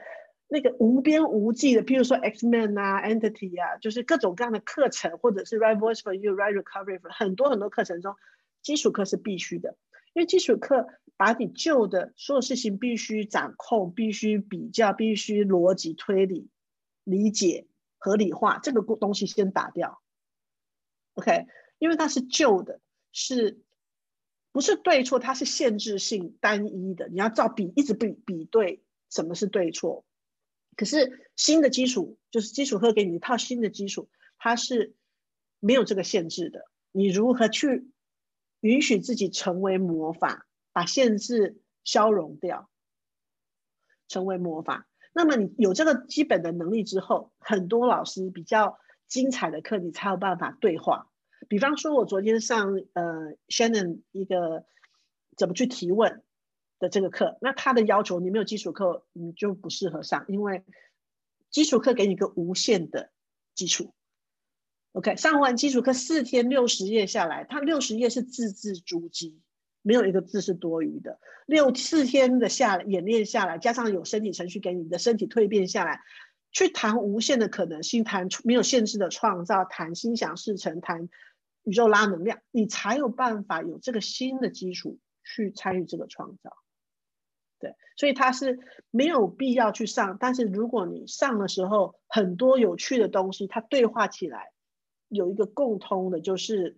那個無邊無際的，譬如說 X-Men 啊、Entity 啊，就是各種各樣的課程，或者是 Right Voice for You、Right Recovery，for, 很多很多課程中，基礎課是必須的。因為基礎課把你舊的所有事情必須掌控、必須比較、必須邏輯推理、理解。合理化這個東西先打掉，OK，因為它是舊的，是，不是對錯，它是限制性單一的。你要照比一直比比對什麼是對錯，可是新的基礎就是基礎課給你一套新的基礎，它是沒有這個限制的。你如何去允許自己成為魔法，把限制消融掉，成為魔法。那麼你有這個基本的能力之後，很多老師比較精彩的課，你才有辦法對話。比方說，我昨天上呃 Shannon 一個怎麼去提問的這個課，那他的要求你沒有基礎課，你就不適合上，因為基礎課給你一個無限的基礎。OK，上完基礎課四天六十頁下來，他六十頁是字字珠璣。沒有一個字是多餘的。六四天的下來演練下來，加上有身體程序給你的身體蛻變下來，去談無限的可能性，談沒有限制的創造，談心想事成，談宇宙拉能量，你才有辦法有這個新的基礎去參與這個創造。對，所以它是沒有必要去上，但是如果你上的時候，很多有趣的東西，它對話起來有一個共通的，就是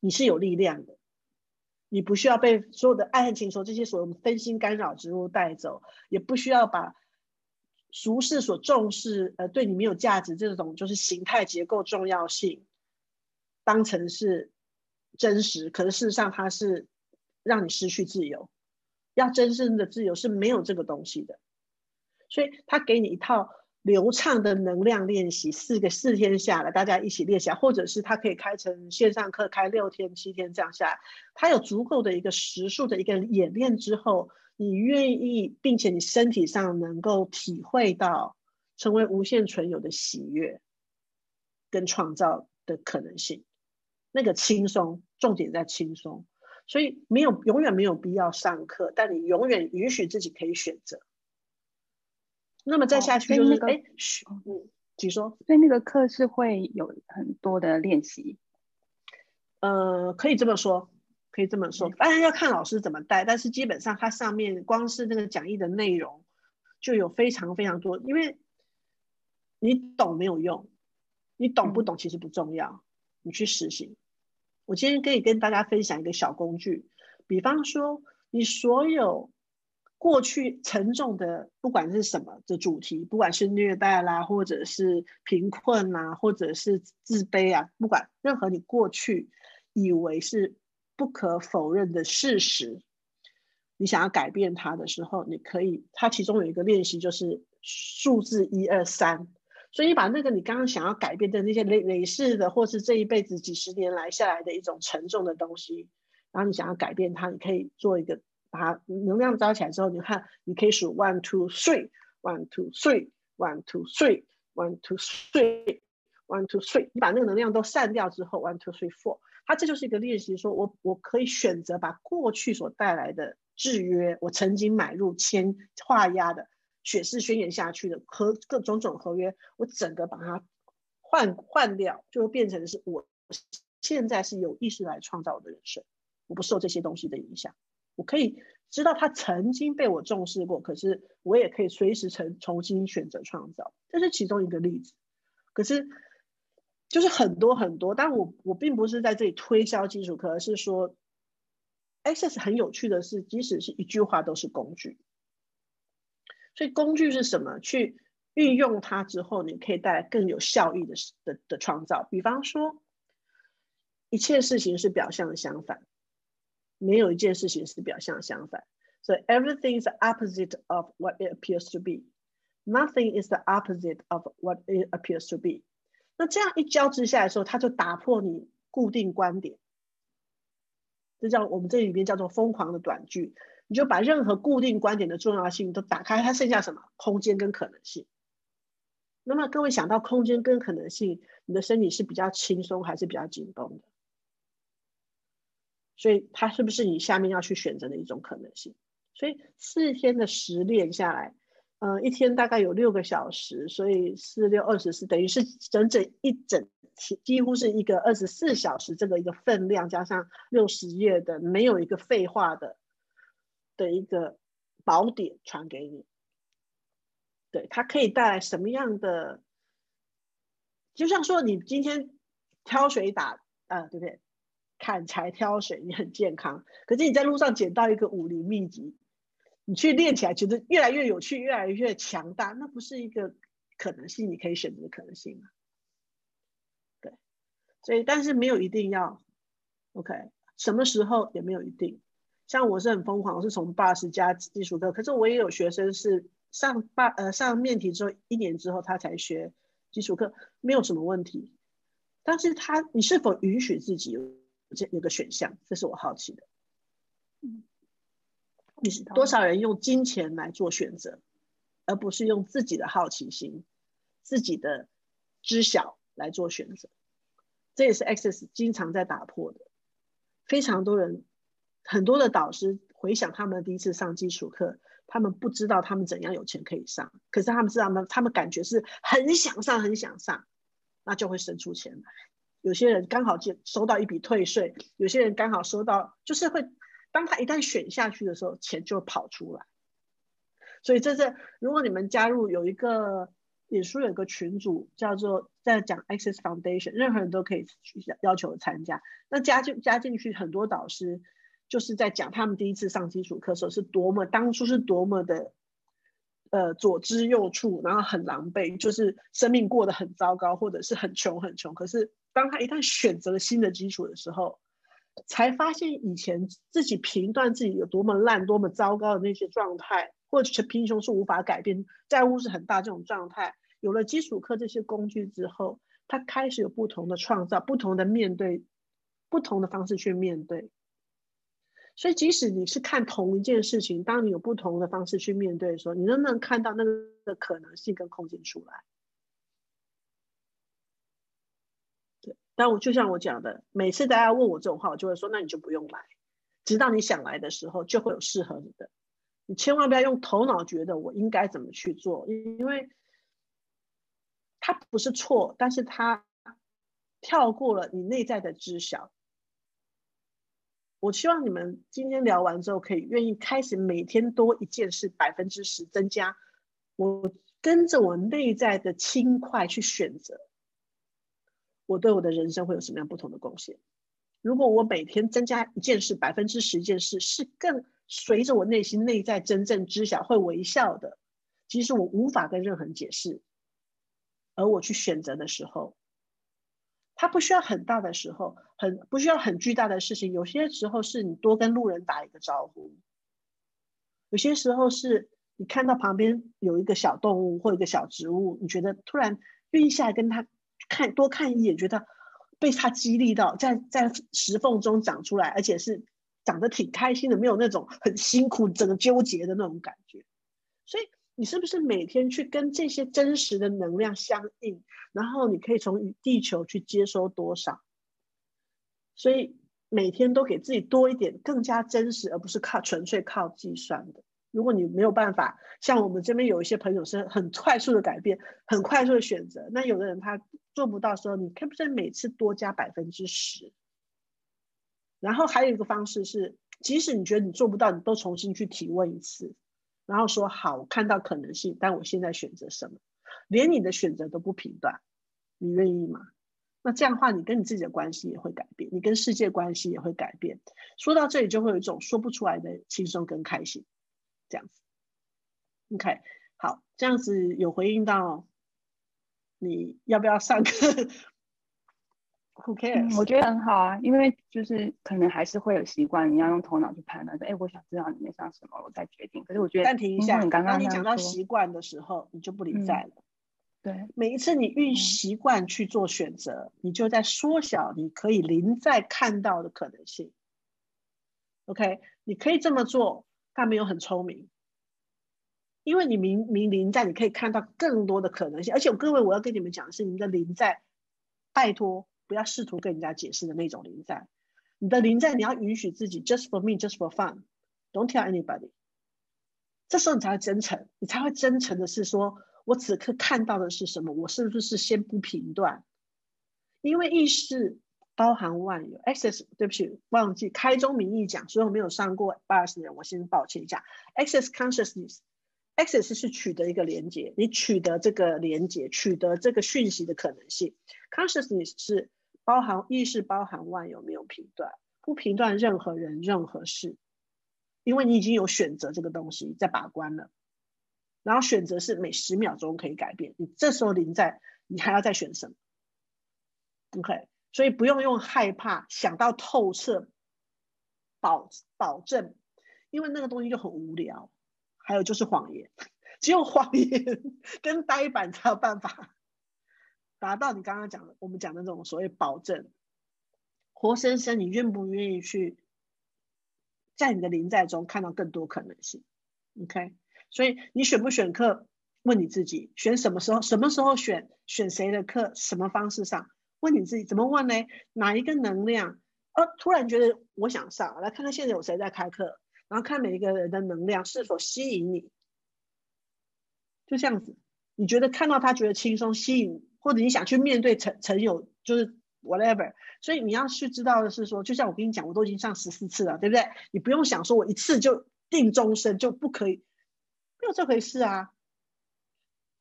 你是有力量的。你不需要被所有的愛恨情仇這些所有分心干擾之物帶走，也不需要把俗世所重視，呃，對你沒有價值，這種就是形態結構重要性當成是真實。可是事實上，它是讓你失去自由。要真正的自由是沒有這個東西的，所以他給你一套，流暢的能量練習，四個四天下來，大家一起練習，或者是他可以開成線上課，開六天七天這樣下來，他有足夠的一個時數的一個演練之後，你願意並且你身體上能夠體會到成為無限存有的喜悅跟創造的可能性，那個輕鬆，重點在輕鬆，所以沒有永遠沒有必要上課，但你永遠允許自己可以選擇。那麼再下去就是哎，噓，嗯，請說，所以那個課是會有很多的練習，呃，可以這麼說，可以這麼說，當然、嗯、要看老師怎麼帶，但是基本上它上面光是那個講義的內容就有非常非常多，因為你懂沒有用，你懂不懂其實不重要，嗯、你去實行。我今天可以跟大家分享一個小工具，比方說你所有。過去沉重的，不管是什麼的主題，不管是虐待啦，或者是貧困啊，或者是自卑啊，不管任何你過去以為是不可否認的事實，你想要改變它的時候，你可以，它其中有一個練習就是數字一二三，所以你把那個你剛剛想要改變的那些累累世的，或是這一輩子幾十年來下來的一種沉重的東西，然後你想要改變它，你可以做一個。把能量招起來之後，你看，你可以數 one two three one two three one two three one two three one two three。你把那個能量都散掉之後，one two three four。1, 2, 3, 4, 它這就是一個練習，說我我可以選擇把過去所帶來的制約，我曾經買入簽畫押的血誓宣言下去的和各種種合約，我整個把它換換掉，就會變成是我現在是有意識來創造我的人生，我不受這些東西的影響。我可以知道他曾經被我重視過，可是我也可以隨時重重新選擇創造。這是其中一個例子。可是，就是很多很多。但我我並不是在這裡推銷基礎課，而是說，Access 很有趣的是，即使是一句話都是工具。所以工具是什麼？去運用它之後，你可以帶來更有效益的的的創造。比方說，一切事情是表象的相反。沒有一件事情是表象的相反，所以，so, everything is the opposite of what it appears to be，nothing is the opposite of what it appears to be。那這樣一交織下來的時候，它就打破你固定觀點，這叫我們這裡面叫做瘋狂的短句。你就把任何固定觀點的重要性都打開，它剩下什麼？空間跟可能性。那麼各位想到空間跟可能性，你的身體是比較輕鬆還是比較緊繃的？所以它是不是你下面要去選擇的一種可能性？所以四天的實練下來，嗯、呃，一天大概有六個小時，所以四六二十四，等於是整整一整幾乎是一個二十四小時這個一個分量，加上六十頁的沒有一個廢話的的一個寶典傳給你，對它可以帶來什麼樣的？就像說你今天挑水打啊、呃，對不對？砍柴挑水，你很健康。可是你在路上撿到一個武林秘籍，你去練起來，覺得越來越有趣，越來越強大，那不是一個可能性，你可以選擇的可能性嗎？對，所以但是沒有一定要，OK，什麼時候也沒有一定。像我是很瘋狂，我是從 Bars 加基礎課，可是我也有學生是上 Bars 呃上面提之後一年之後他才學基礎課，沒有什麼問題。但是他你是否允許自己？這有個選項，這是我好奇的。你是多少人用金錢來做選擇，而不是用自己的好奇心、自己的知曉來做選擇？這也是 Access 經常在打破的。非常多人，很多的導師回想他們第一次上基礎課，他們不知道他們怎樣有錢可以上，可是他們是他們，他們感覺是很想上，很想上，那就會生出錢來。有些人剛好接收到一筆退稅，有些人剛好收到，就是會，當他一旦選下去的時候，錢就跑出來。所以這是，如果你們加入有一個臉書有一個群組，叫做在講 Access Foundation，任何人都可以去要求參加。那加進加進去，很多導師就是在講他們第一次上基礎課的時候是多麼，當初是多麼的，呃，左支右絀，然後很狼狽，就是生命過得很糟糕，或者是很窮很窮，可是。當他一旦選擇了新的基礎的時候，才發現以前自己評斷自己有多麼爛、多麼糟糕的那些狀態，或者是貧窮是無法改變，債務是很大這種狀態。有了基礎課這些工具之後，他開始有不同的創造、不同的面對、不同的方式去面對。所以，即使你是看同一件事情，當你有不同的方式去面對的時候，你能不能看到那個的可能性跟空間出來？那我就像我講的，每次大家問我這種話，我就會說：那你就不用來，直到你想來的時候，就會有適合你的。你千萬不要用頭腦覺得我應該怎麼去做，因為，它不是錯，但是它跳過了你內在的知曉。我希望你們今天聊完之後，可以願意開始每天多一件事10，百分之十增加。我跟着我內在的輕快去選擇。我對我的人生會有什麼樣不同的貢獻？如果我每天增加一件事，百分之十件事是更隨着我內心內在真正知曉會微笑的，其實我無法跟任何人解釋。而我去選擇的時候，它不需要很大的時候，很不需要很巨大的事情。有些時候是你多跟路人打一個招呼，有些時候是你看到旁邊有一個小動物或一個小植物，你覺得突然暈下來跟它，看多看一眼，覺得被他激勵到在，在在石縫中長出來，而且是長得挺開心的，沒有那種很辛苦、整個糾結的那種感覺。所以你是不是每天去跟這些真實的能量相應，然後你可以從地球去接收多少？所以每天都給自己多一點更加真實，而不是靠純粹靠計算的。如果你沒有辦法，像我們這邊有一些朋友是很快速的改變，很快速的選擇。那有的人他做不到時候，說你可不可以每次多加百分之十。然後還有一個方式是，即使你覺得你做不到，你都重新去提問一次，然後說好，我看到可能性，但我現在選擇什麼，連你的選擇都不評斷，你願意嗎？那這樣的話，你跟你自己的關係也會改變，你跟世界關係也會改變。說到這裡，就會有一種說不出來的輕鬆跟開心。這樣子，OK，好，這樣子有回應到，你要不要上課 ？OK，Who cares? 我覺得很好啊，因為就是可能還是會有習慣，你要用頭腦去判斷。哎、欸，我想知道你沒上什麼，我再決定。可是我覺得暫停一下，剛剛、嗯、哼你講到習慣的時候，嗯、你就不臨在了。對，每一次你用習慣去做選擇，嗯、哼你就在縮小你可以臨在看到的可能性。OK，你可以這麼做。他沒有很聰明，因為你明明臨在，你可以看到更多的可能性。而且各位，我要跟你們講的是，你們的臨在，拜託不要試圖跟人家解釋的那種臨在。你的臨在，你要允許自己 just for me，just for fun，don't tell anybody。這時候你才會真誠，你才會真誠的是說，我此刻看到的是什麼？我是不是，是先不評斷？因為意識。包含萬有 Access，對不起，忘記開宗明義講，所以我沒有上過 Bars 的人，我先抱歉一下。Access Consciousness，Access 是取得一個連接，你取得這個連接，取得這個訊息的可能性。Consciousness 是包含意識，包含萬有沒有評斷，不評斷任何人任何事，因為你已經有選擇這個東西在把關了，然後選擇是每十秒鐘可以改變，你這時候臨在，你還要再選什麼？OK。所以不用用害怕，想到透徹，保保證，因為那個東西就很無聊。還有就是謊言，只有謊言跟呆板才有辦法達到你剛剛講的，我們講的那種所謂保證。活生生，你願不願意去在你的臨在中看到更多可能性？OK，所以你選不選課，問你自己，選什麼時候，什麼時候選，選誰的課，什麼方式上？問你自己怎麼問呢？哪一個能量？哦，突然覺得我想上來看看現在有誰在開課，然後看每一個人的能量是否吸引你，就這樣子。你覺得看到他覺得輕鬆吸引，或者你想去面對成成友，就是 whatever。所以你要去知道的是說，就像我跟你講，我都已經上十四次了，對不對？你不用想說我一次就定終身就不可以，沒有這回事啊。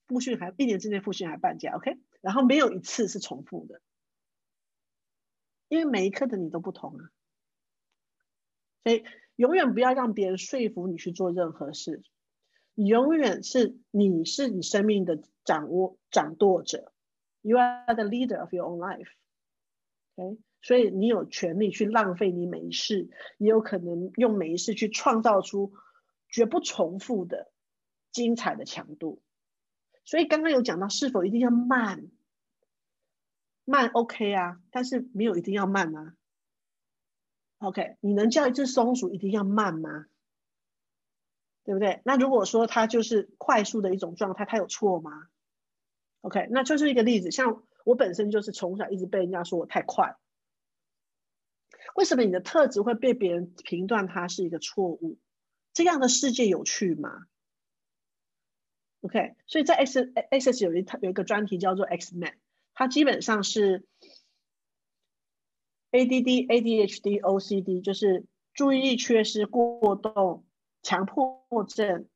複訓還一年之內複訓還半價，OK？然後沒有一次是重複的。因為每一刻的你都不同啊，所以永遠不要讓別人說服你去做任何事。永遠是你是你生命的掌握掌舵者，You are the leader of your own life。OK，所以你有權利去浪費你每一世，也有可能用每一世去創造出絕不重複的精彩的強度。所以剛剛有講到，是否一定要慢？慢 OK 啊，但是沒有一定要慢啊。OK，你能叫一隻松鼠一定要慢嗎？對不對？那如果說它就是快速的一種狀態，它有錯嗎？OK，那就是一個例子。像我本身就是從小一直被人家說我太快，為什麼你的特質會被別人評斷它是一個錯誤？這樣的世界有趣嗎？OK，所以在 X S, X X 有一有一個專題叫做 X Man, 它基本上是 ADD、ADHD、OCD，就是注意力缺失過動、強迫症、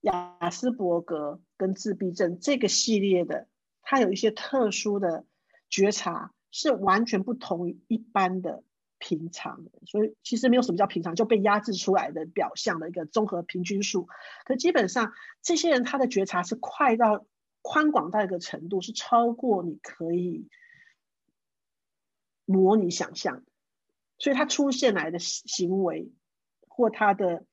亞斯伯格跟自閉症這個系列的，它有一些特殊的覺察，是完全不同於一般的平常的。所以其實沒有什麼叫平常，就被壓制出來的表象的一個綜合平均數。可基本上這些人他的覺察是快到。寬廣到一個程度，是超過你可以模擬想象所以他出現來的行為或他的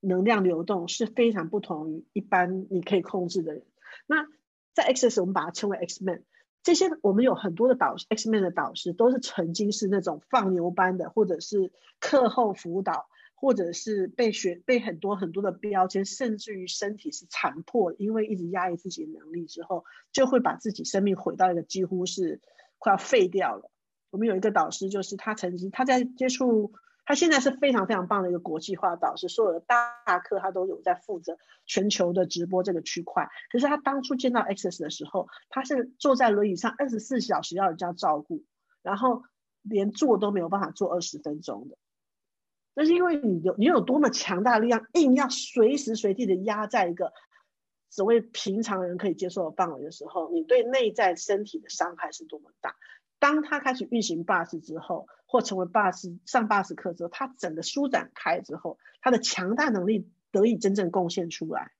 能量流動是非常不同於一般你可以控制的人。那在 Xs 我們把它稱為 Xman，這些我們有很多的導 Xman 的導師都是曾經是那種放牛班的或者是課後輔導。或者是被學，被很多很多的標籤，甚至於身體是殘破，因為一直壓抑自己的能力之後，就會把自己生命毀到一個幾乎是快要廢掉了。我們有一個導師，就是他曾經他在接觸，他現在是非常非常棒的一個國際化導師，所有的大課他都有在負責全球的直播這個區塊。可是他當初見到 Access 的時候，他是坐在輪椅上，二十四小時要人家照顧，然後連坐都沒有辦法坐二十分鐘的。那是因為你有你有多麼強大力量，硬要隨時隨地的壓在一個所謂平常人可以接受的範圍的時候，你對內在身體的傷害是多麼大。當他開始運行 Bars 之後，或成為 Bars 上 Bars 課之後，他整個舒展開之後，他的強大能力得以真正貢獻出來。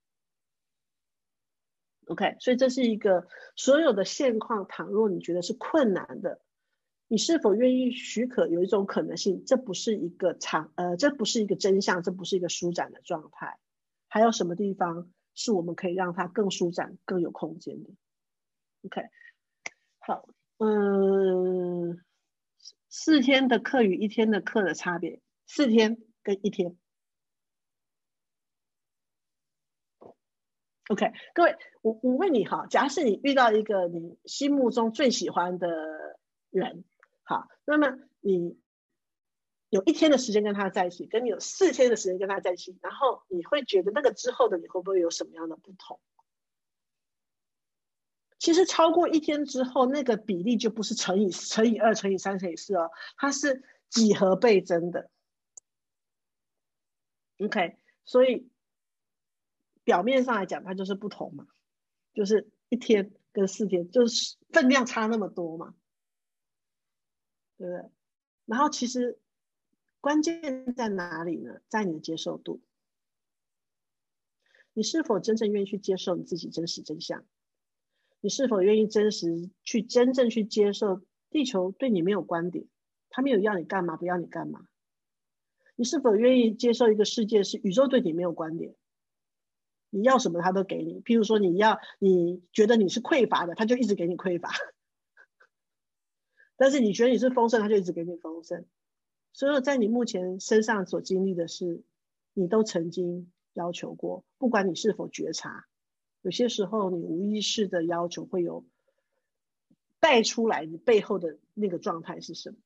OK，所以這是一個所有的現況，倘若你覺得是困難的。你是否願意許可有一種可能性？這不是一個長，呃，這不是一個真相，這不是一個舒展的狀態。還有什麼地方是我們可以讓它更舒展、更有空間的？OK，好，嗯，四天的課與一天的課的差別，四天跟一天。OK，各位，我我問你哈，假使你遇到一個你心目中最喜歡的人。好，那麼你有一天的時間跟他在一起，跟你有四天的時間跟他在一起，然後你會覺得那個之後的你會不會有什麼樣的不同？其實超過一天之後，那個比例就不是乘以乘以二、乘以三、乘以四哦，它是幾何倍增的。OK，所以表面上來講，它就是不同嘛，就是一天跟四天就是分量差那麼多嘛。對不對？然後其實關鍵在哪裡呢？在你的接受度。你是否真正願意去接受你自己真實真相？你是否願意真實去真正去接受地球對你沒有觀點，他沒有要你幹嘛，不要你幹嘛？你是否願意接受一個世界是宇宙對你沒有觀點？你要什麼他都給你。譬如說你要你覺得你是匱乏的，他就一直給你匱乏。但是你覺得你是豐盛，他就一直給你豐盛。所以在你目前身上所經歷的事，你都曾經要求過，不管你是否覺察，有些時候你無意識的要求會有帶出來，你背後的那個狀態是什麼？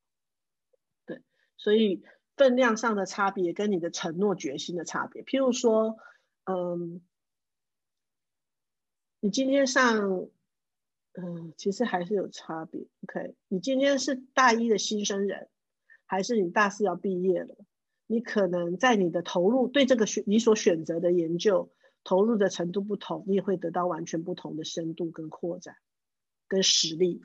對，所以分量上的差別跟你的承諾決心的差別。譬如說，嗯，你今天上。嗯，其實還是有差別。OK，你今天是大一的新生人，還是你大四要畢業了？你可能在你的投入對這個選你所選擇的研究投入的程度不同，你也會得到完全不同的深度跟擴展跟實力。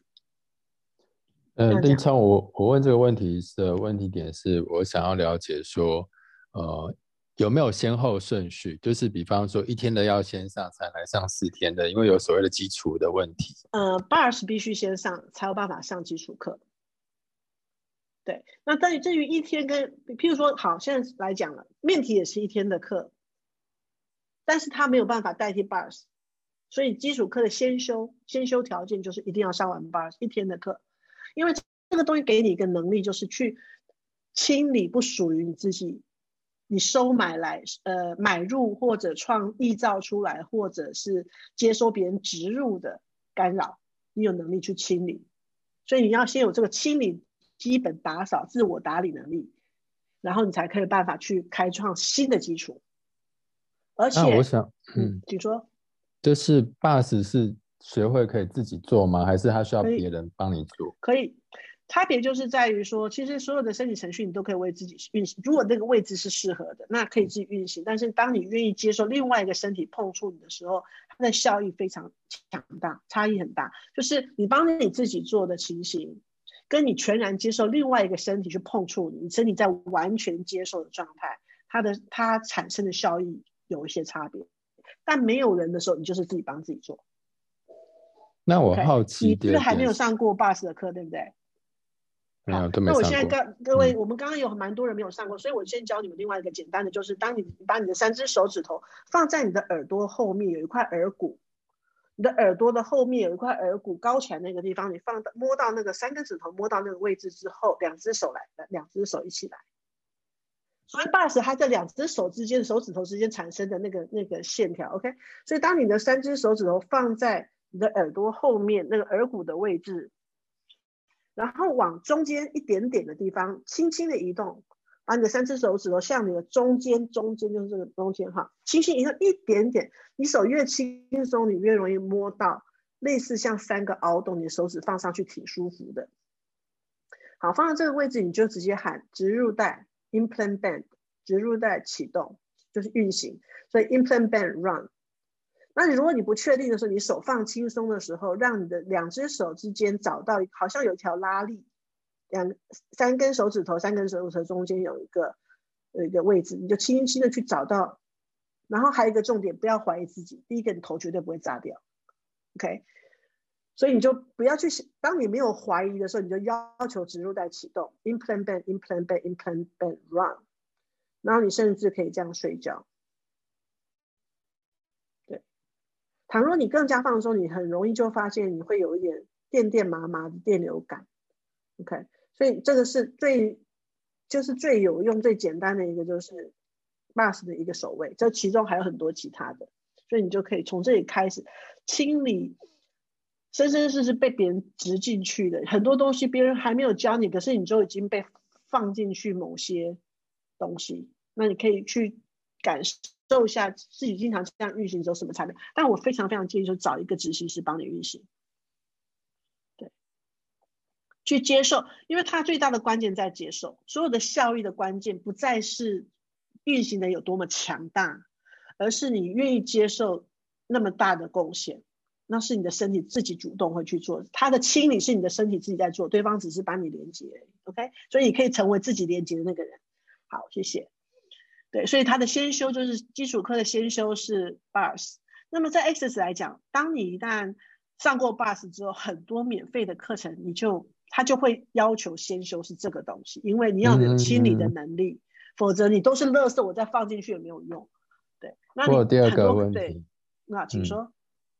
嗯、呃，立聰，我我問這個問題的問題點是我想要了解說，呃。有沒有先後順序？就是比方說，一天的要先上才來上四天的，因為有所謂的基礎的問題。呃，bars 必須先上才有辦法上基礎課。對，那但至於一天跟，譬如說，好，現在來講了，面提也是一天的課，但是他沒有辦法代替 bars，所以基礎課的先修先修條件就是一定要上完 bars 一天的課，因為這個東西給你一個能力，就是去清理不屬於你自己。你收買來，呃，買入或者創意造出來，或者是接收別人植入的干擾，你有能力去清理，所以你要先有這個清理、基本打掃、自我打理能力，然後你才可以辦法去開創新的基礎。而且我想，嗯，請說，就是 Bars 是學會可以自己做嗎？還是他需要別人幫你做可？可以。差別就是在於說，其實所有的身體程序你都可以為自己運行。如果那個位置是適合的，那可以自己運行。但是，當你願意接受另外一個身體碰觸你的時候，它的效益非常強大，差異很大。就是你幫你自己做的情形，跟你全然接受另外一個身體去碰觸你，你身體在完全接受的狀態，它的它產生的效益有一些差別。但沒有人的時候，你就是自己幫自己做。那我好奇，你不是還沒有上過 Bars 的課，對不對？啊、那我現在跟各位，我們剛剛有蠻多人沒有上過，嗯、所以我先教你們另外一個簡單的，就是當你把你的三隻手指頭放在你的耳朵後面，有一塊耳骨，你的耳朵的後面有一塊耳骨高起來那個地方，你放到摸到那個三根指頭，摸到那個位置之後，兩隻手來的，兩隻手一起來，所以 Bars 它在兩隻手之間手指頭之間產生的那個那個線條，OK，所以當你的三隻手指頭放在你的耳朵後面那個耳骨的位置。然後往中間一點點的地方輕輕的移動，把你的三隻手指頭向你的中間，中間就是這個中間哈，輕輕移動一點點，你手越輕鬆，你越容易摸到，類似像三個凹洞，你的手指放上去挺舒服的。好，放到這個位置，你就直接喊植入帶 （implant band），植入帶啟動，帶啟動就是運行，所以 implant band run。那你如果你不確定的時候，你手放輕鬆的時候，讓你的兩隻手之間找到好像有一條拉力，兩三根手指頭，三根手指頭中間有一個有一個位置，你就輕輕的去找到。然後還有一個重點，不要懷疑自己。第一個你頭絕對不會炸掉，OK。所以你就不要去想，當你沒有懷疑的時候，你就要求植入帶啟動，implant band，implant band，implant band run。然後你甚至可以這樣睡覺。倘若你更加放鬆，你很容易就發現你會有一點電電麻麻的電流感。OK，所以這個是最就是最有用、最簡單的一個，就是 Bars 的一個手位。這其中還有很多其他的，所以你就可以從這裡開始清理生生世世被別人植進去的很多東西，別人還沒有教你，可是你就已經被放進去某些東西。那你可以去感受。做一下自己經常這樣運行之後什麼產品，但我非常非常建議，就找一個執行師幫你運行。對，去接受，因為它最大的關鍵在接受。所有的效益的關鍵，不再是運行的有多麼強大，而是你願意接受那麼大的貢獻。那是你的身體自己主動會去做，它的清理是你的身體自己在做，對方只是幫你連接而已。OK，所以你可以成為自己連接的那個人。好，謝謝。對，所以他的先修就是基礎課的先修是 Bars。那麼在 Access 來講，當你一旦上過 Bars 之後，很多免費的課程，你就他就會要求先修是這個東西，因為你要有清理的能力，嗯嗯、否則你都是垃圾，我再放進去也沒有用。對，我有第二個問題，那請說、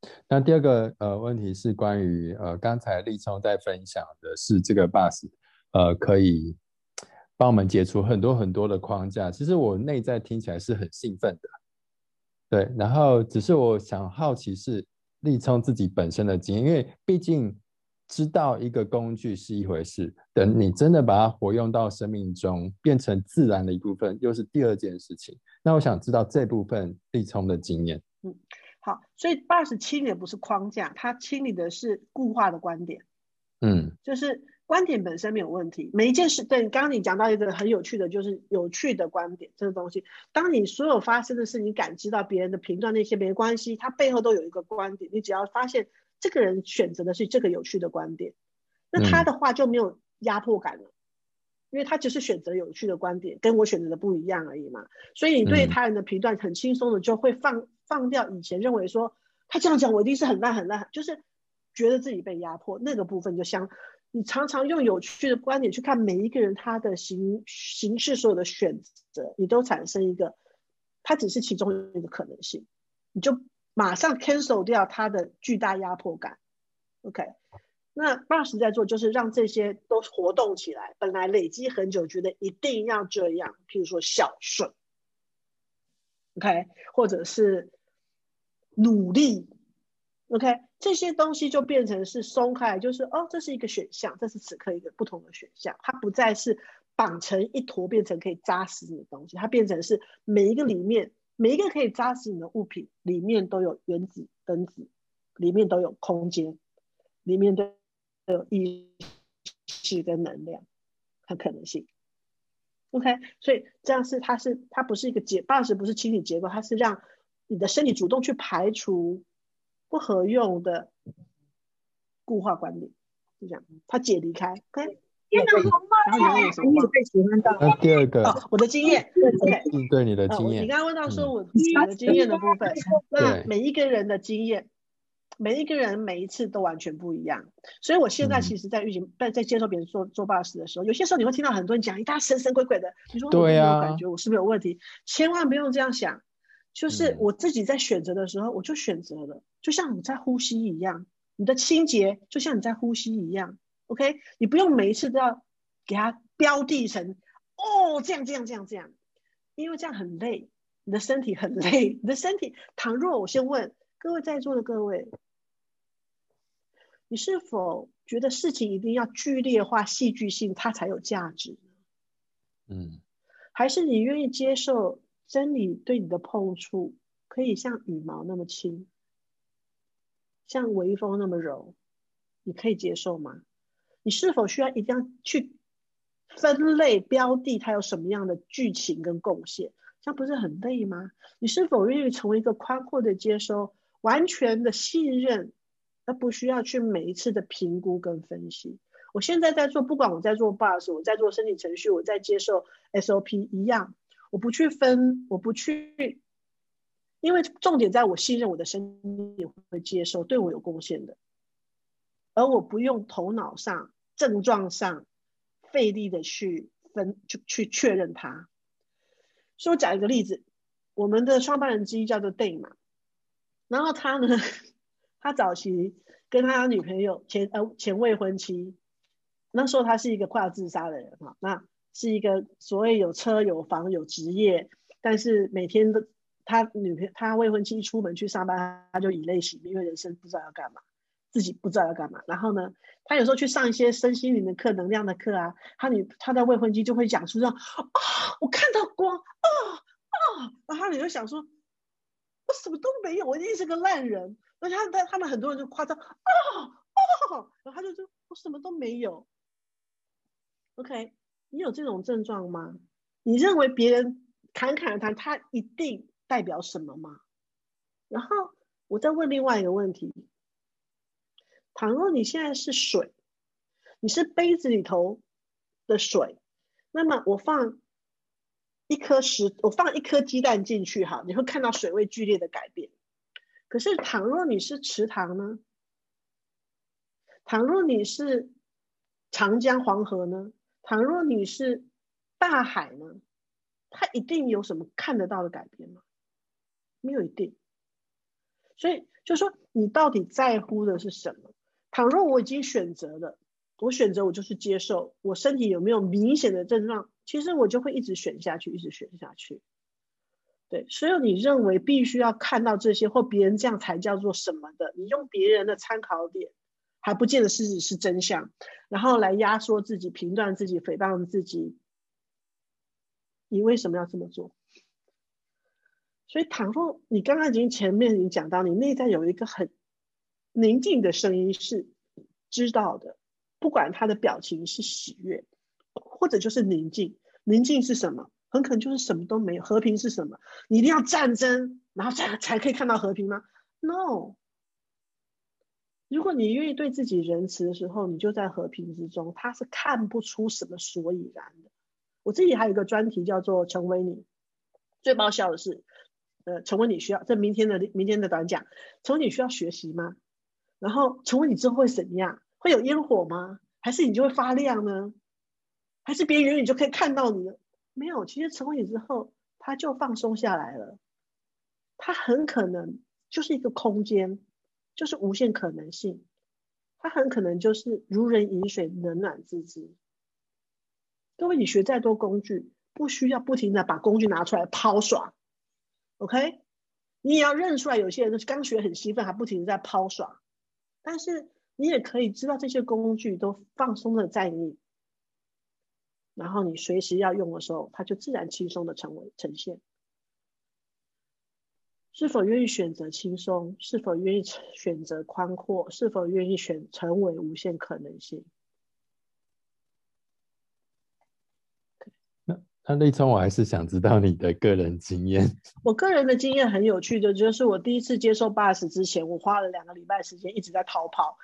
嗯，那第二個呃問題是關於呃剛才立聰在分享的是這個 Bars，呃可以。幫我們解除很多很多的框架，其實我內在聽起來是很興奮的，對。然後只是我想好奇是立聰自己本身的經驗，因為畢竟知道一個工具是一回事，等你真的把它活用到生命中，變成自然的一部分，又是第二件事情。那我想知道這部分立聰的經驗。嗯，好。所以八十七年不是框架，它清理的是固化的觀點。嗯，就是。觀點本身沒有問題，每一件事，對，剛剛你講到一個很有趣的，就是有趣的觀點這個東西。當你所有發生的事，你感知到別人的評斷那些沒關係，它背後都有一個觀點。你只要發現這個人選擇的是這個有趣的觀點，那他的話就沒有壓迫感了，嗯，因為他只是選擇有趣的觀點，跟我選擇的不一樣而已嘛。所以你對他人的評斷很輕鬆的就會放放掉，以前認為說他這樣講我一定是很爛很爛，就是覺得自己被壓迫那個部分就像。你常常用有趣的觀點去看每一個人，他的形形式所有的選擇，你都產生一個，它只是其中一個可能性，你就馬上 cancel 掉他的巨大壓迫感。OK，那 Bars 在做就是讓這些都活動起來，本來累積很久覺得一定要這樣，譬如說孝順，OK，或者是努力。OK，這些東西就變成是鬆開，就是哦，這是一個選項，這是此刻一個不同的選項，它不再是綁成一坨變成可以扎死你的東西，它變成是每一個裡面，每一個可以扎死你的物品裡面都有原子分子，裡面都有空間，裡面都有意識跟能量和可能性。OK，所以這樣是它是它不是一個結，八十不是清理結構，它是讓你的身體主動去排除。不合用的固化管理，就這樣，他解離開。OK。對然後然後有什麼？一直被喜歡到。第二個，我的經驗。OK。對，對你的經驗、哦。你剛剛問到說我、嗯、的經驗的部分，嗯、那每一個人的經驗，對每一個人每一次都完全不一樣。所以我現在其實，在運行，但、嗯、在接受別人做做 Bars 的時候，有些時候你會聽到很多人講一些神神鬼鬼的，你說對啊、啊、感覺我是不是有問題？千萬不用這樣想。就是我自己在選擇的時候，嗯、我就選擇了，就像你在呼吸一樣，你的清潔就像你在呼吸一樣。OK，你不用每一次都要給它標地成，哦，這樣這樣這樣這樣，因為這樣很累，你的身體很累。你的身體，倘若我先問各位在座的各位，你是否覺得事情一定要劇烈化、戲劇性，它才有價值？嗯，還是你願意接受？真理對你的碰觸，可以像羽毛那麼輕，像微風那麼柔，你可以接受嗎？你是否需要一定要去分類標的？它有什麼樣的劇情跟貢獻？這樣不是很累嗎？你是否願意成為一個寬闊的接收，完全的信任，而不需要去每一次的評估跟分析？我現在在做，不管我在做 Bars，我在做身體程序，我在接受 SOP 一樣。我不去分，我不去，因為重點在我信任我的身體會接受，對我有貢獻的，而我不用頭腦上、症狀上費力的去分，去去確認它。所以我講一個例子，我們的創辦人之一叫做 Dain 嘛，然後他呢，他早期跟他女朋友前呃前未婚妻，那時候他是一個快要自殺的人哈，那。是一個所謂有車有房有職業，但是每天的，他女朋友他未婚妻一出門去上班，他就以淚洗面，因為人生不知道要幹嘛，自己不知道要幹嘛。然後呢，他有時候去上一些身心靈的課、能量的課啊，他女他的未婚妻就會講出這樣，啊、哦，我看到光啊啊、哦哦！”然後他就想說：“我什麼都沒有，我一定是個爛人。”而他他他們很多人就誇張：“啊、哦、啊、哦！”然後他就說：“我什麼都沒有。”OK。你有這種症狀嗎？你認為別人侃侃而談，他一定代表什麼嗎？然後我再問另外一個問題：倘若你現在是水，你是杯子裡頭的水，那麼我放一顆石，我放一顆雞蛋進去，哈，你會看到水位劇烈的改變。可是倘若你是池塘呢？倘若你是長江黃河呢？倘若你是大海呢？它一定有什麼看得到的改變嗎？沒有一定。所以就說，你到底在乎的是什麼？倘若我已經選擇了，我選擇，我就是接受，我身體有沒有明顯的症狀，其實我就會一直選下去，一直選下去。對，所以你認為必須要看到這些或別人這樣才叫做什麼的，你用別人的參考點，還不見得是是真相，然後來壓縮自己、評斷自己、誹謗自己，你為什麼要這麼做？所以，倘若你剛剛已經前面已經講到，你內在有一個很寧靜的聲音是知道的，不管他的表情是喜悅，或者就是寧靜。寧靜是什麼？很可能就是什麼都沒有。和平是什麼？你一定要戰爭，然後才才可以看到和平嗎？No。如果你願意對自己仁慈的時候，你就在和平之中。他是看不出什麼所以然的。我自己還有一個專題叫做“成為你”。最爆笑的是，呃，成為你需要在明天的明天的短講，成為你需要學習嗎？然後成為你之後會怎樣？會有煙火嗎？還是你就會發亮呢？還是別人遠遠就可以看到你呢？沒有，其實成為你之後，他就放鬆下來了。他很可能就是一個空間。就是無限可能性，它很可能就是如人飲水，冷暖自知。各位，你學再多工具，不需要不停的把工具拿出來拋耍，OK？你也要認出來，有些人是剛學很興奮，還不停地在拋耍，但是你也可以知道這些工具都放鬆的在你，然後你隨時要用的時候，它就自然輕鬆的成為呈現。是否願意選擇輕鬆？是否願意選擇寬闊？是否願意選成為無限可能性？Okay. 那那立聰，我還是想知道你的個人經驗。我個人的經驗很有趣的，就是我第一次接受 Bars 之前，我花了兩個禮拜時間一直在逃跑。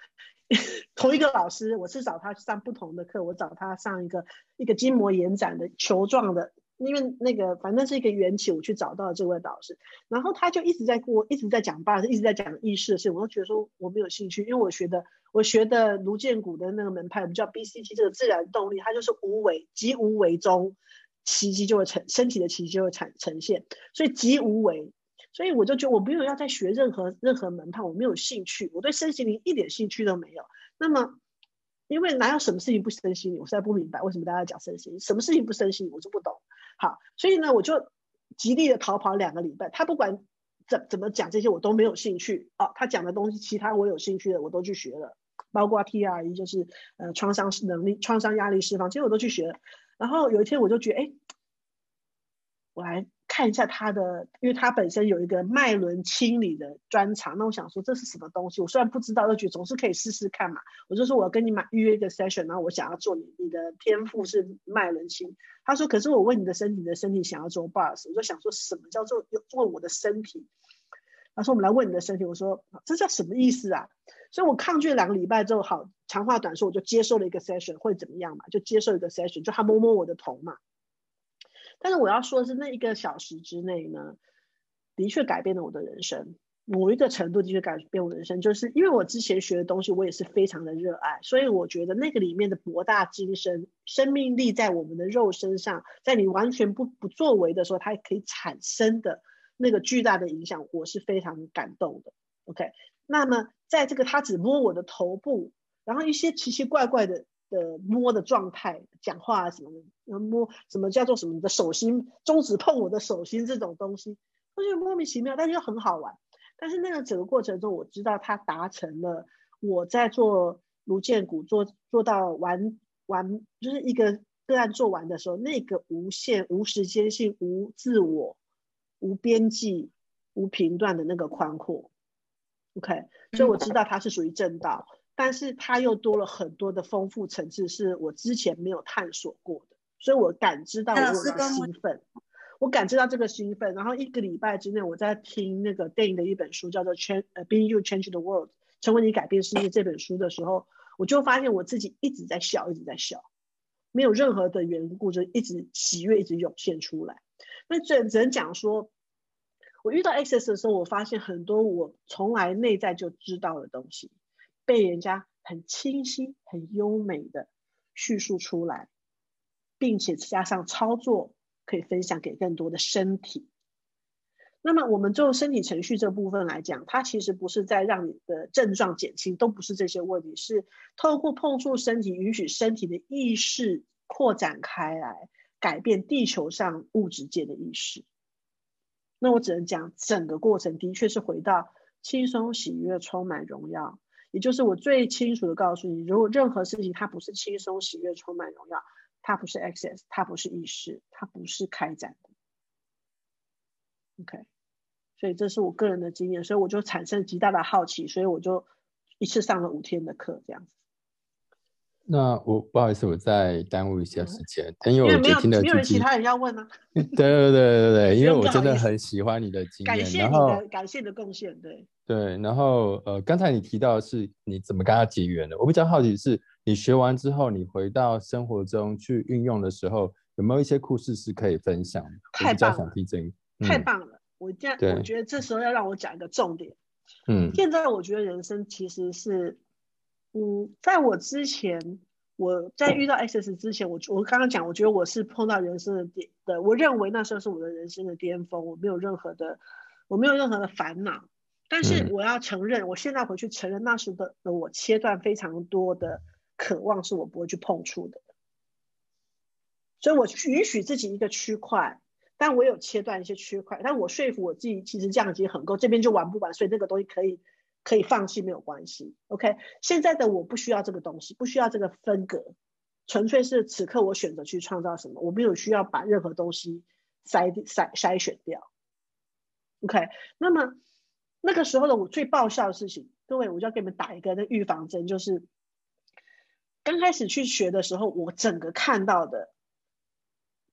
同一個老師，我是找他上不同的課，我找他上一個一個筋膜延展的球狀的。因為那個反正是一個緣起，我去找到這位導師，然後他就一直在跟我一直在講 Bars，一直在講意識的事，我就覺得說我沒有興趣，因為我學的我學的盧建谷的那個門派，我們叫 BCT 這個自然動力，它就是無為即無為中，奇蹟就會成，身體的奇蹟就會呈呈現，所以即無為，所以我就覺得我不用要再學任何任何門派，我沒有興趣，我對身心靈一點興趣都沒有，那麼。因為哪有什麼事情不身心靈？我實在不明白為什麼大家講身心靈，什麼事情不身心，我就不懂。好，所以呢，我就極力的逃跑兩個禮拜。他不管怎怎麼講這些，我都沒有興趣哦，他講的東西，其他我有興趣的，我都去學了，包括 TRE，就是呃創傷能力、創傷壓力釋放，其實我都去學了。然後有一天我就覺得，哎，我來。看一下他的，因為他本身有一個脈輪清理的專長。那我想說，這是什麼東西？我雖然不知道，而且總是可以試試看嘛。我就說我要跟你買預約一個 session，然後我想要做你，你的天賦是脈輪清。他說，可是我問你的身體，你的身體想要做 Bars，我就想說什麼叫做做我的身體？他說我們來問你的身體。我說這叫什麼意思啊？所以我抗拒兩個禮拜之後，好長話短說，我就接受了一個 session，會怎麼樣嘛？就接受一個 session，就他摸摸我的頭嘛。但是我要說的是，那一個小時之內呢，的確改變了我的人生，某一個程度的確改變我的人生，就是因為我之前學的東西，我也是非常的熱愛，所以我覺得那個裡面的博大精深、生命力在我們的肉身上，在你完全不不作為的時候，它可以產生的那個巨大的影響，我是非常感動的。OK，那麼在這個他只摸我的頭部，然後一些奇奇怪怪的。的摸的狀態，講話什麼的，摸什麼叫做什麼？你的手心中指碰我的手心這種東西，我覺得莫名其妙，但是又很好玩。但是那個整個過程中，我知道他達成了我在做如見骨，做做到完完，就是一個個案做完的時候，那個無限無時間性、無自我、無邊際、無評斷的那個寬闊，OK，所以我知道他是屬於正道。嗯但是它又多了很多的豐富層次，是我之前沒有探索過的，所以我感知到我的興奮，我感知到這個興奮。然後一個禮拜之內，我在聽那個電影的一本書，叫做《Change》，呃，《Being You Change the World》，成為你改變世界這本書的時候，我就發現我自己一直在笑，一直在笑，沒有任何的緣故，就一直喜悅一直湧現出來。那只只能講說，我遇到 Access 的時候，我發現很多我從來內在就知道的東西。被人家很清晰、很優美的敘述出來，並且加上操作，可以分享給更多的身體。那麼，我們做身體程序這部分來講，它其實不是在讓你的症狀減輕，都不是這些問題，是透過碰觸身體，允許身體的意識擴展開來，改變地球上物質界的意識。那我只能講，整個過程的確是回到輕鬆、喜悅、充滿榮耀。也就是我最清楚的告訴你，如果任何事情它不是輕鬆、喜悅、充滿榮耀，它不是 access，它不是意識，它不是開展的。OK，所以這是我個人的經驗，所以我就產生極大的好奇，所以我就一次上了五天的課，這樣子。那我不好意思，我再耽誤一下時間，很有、嗯、我覺得有，經驗。沒有人其他人要問嗎、啊？ 對對對對對因為我真的很喜歡你的經驗， 感謝你的然後感謝你的貢獻。對對，然後呃，剛才你提到的是你怎麼跟他結緣的？我比較好奇是，你學完之後，你回到生活中去運用的時候，有沒有一些故事是可以分享？我比較想聽這一，太棒了，嗯、太棒了！我這樣。對我覺得這時候要讓我講一個重點。嗯，現在我覺得人生其實是。嗯，在我之前，我在遇到 Access 之前，我我剛剛講，我覺得我是碰到人生的巔，對，我認為那時候是我的人生的巔峰，我沒有任何的，我沒有任何的煩惱。但是我要承認，我現在回去承認，那時的的我切斷非常多的渴望，是我不會去碰觸的。所以我允許自己一個區塊，但我有切斷一些區塊，但我說服我自己，其實這樣已經很夠，這邊就玩不完，所以那個東西可以。可以放棄沒有關係，OK。現在的我不需要這個東西，不需要這個分隔，純粹是此刻我選擇去創造什麼，我沒有需要把任何東西篩篩篩選掉，OK。那麼那個時候的我最爆笑的事情，各位，我就要給你們打一個那預防針，就是剛開始去學的時候，我整個看到的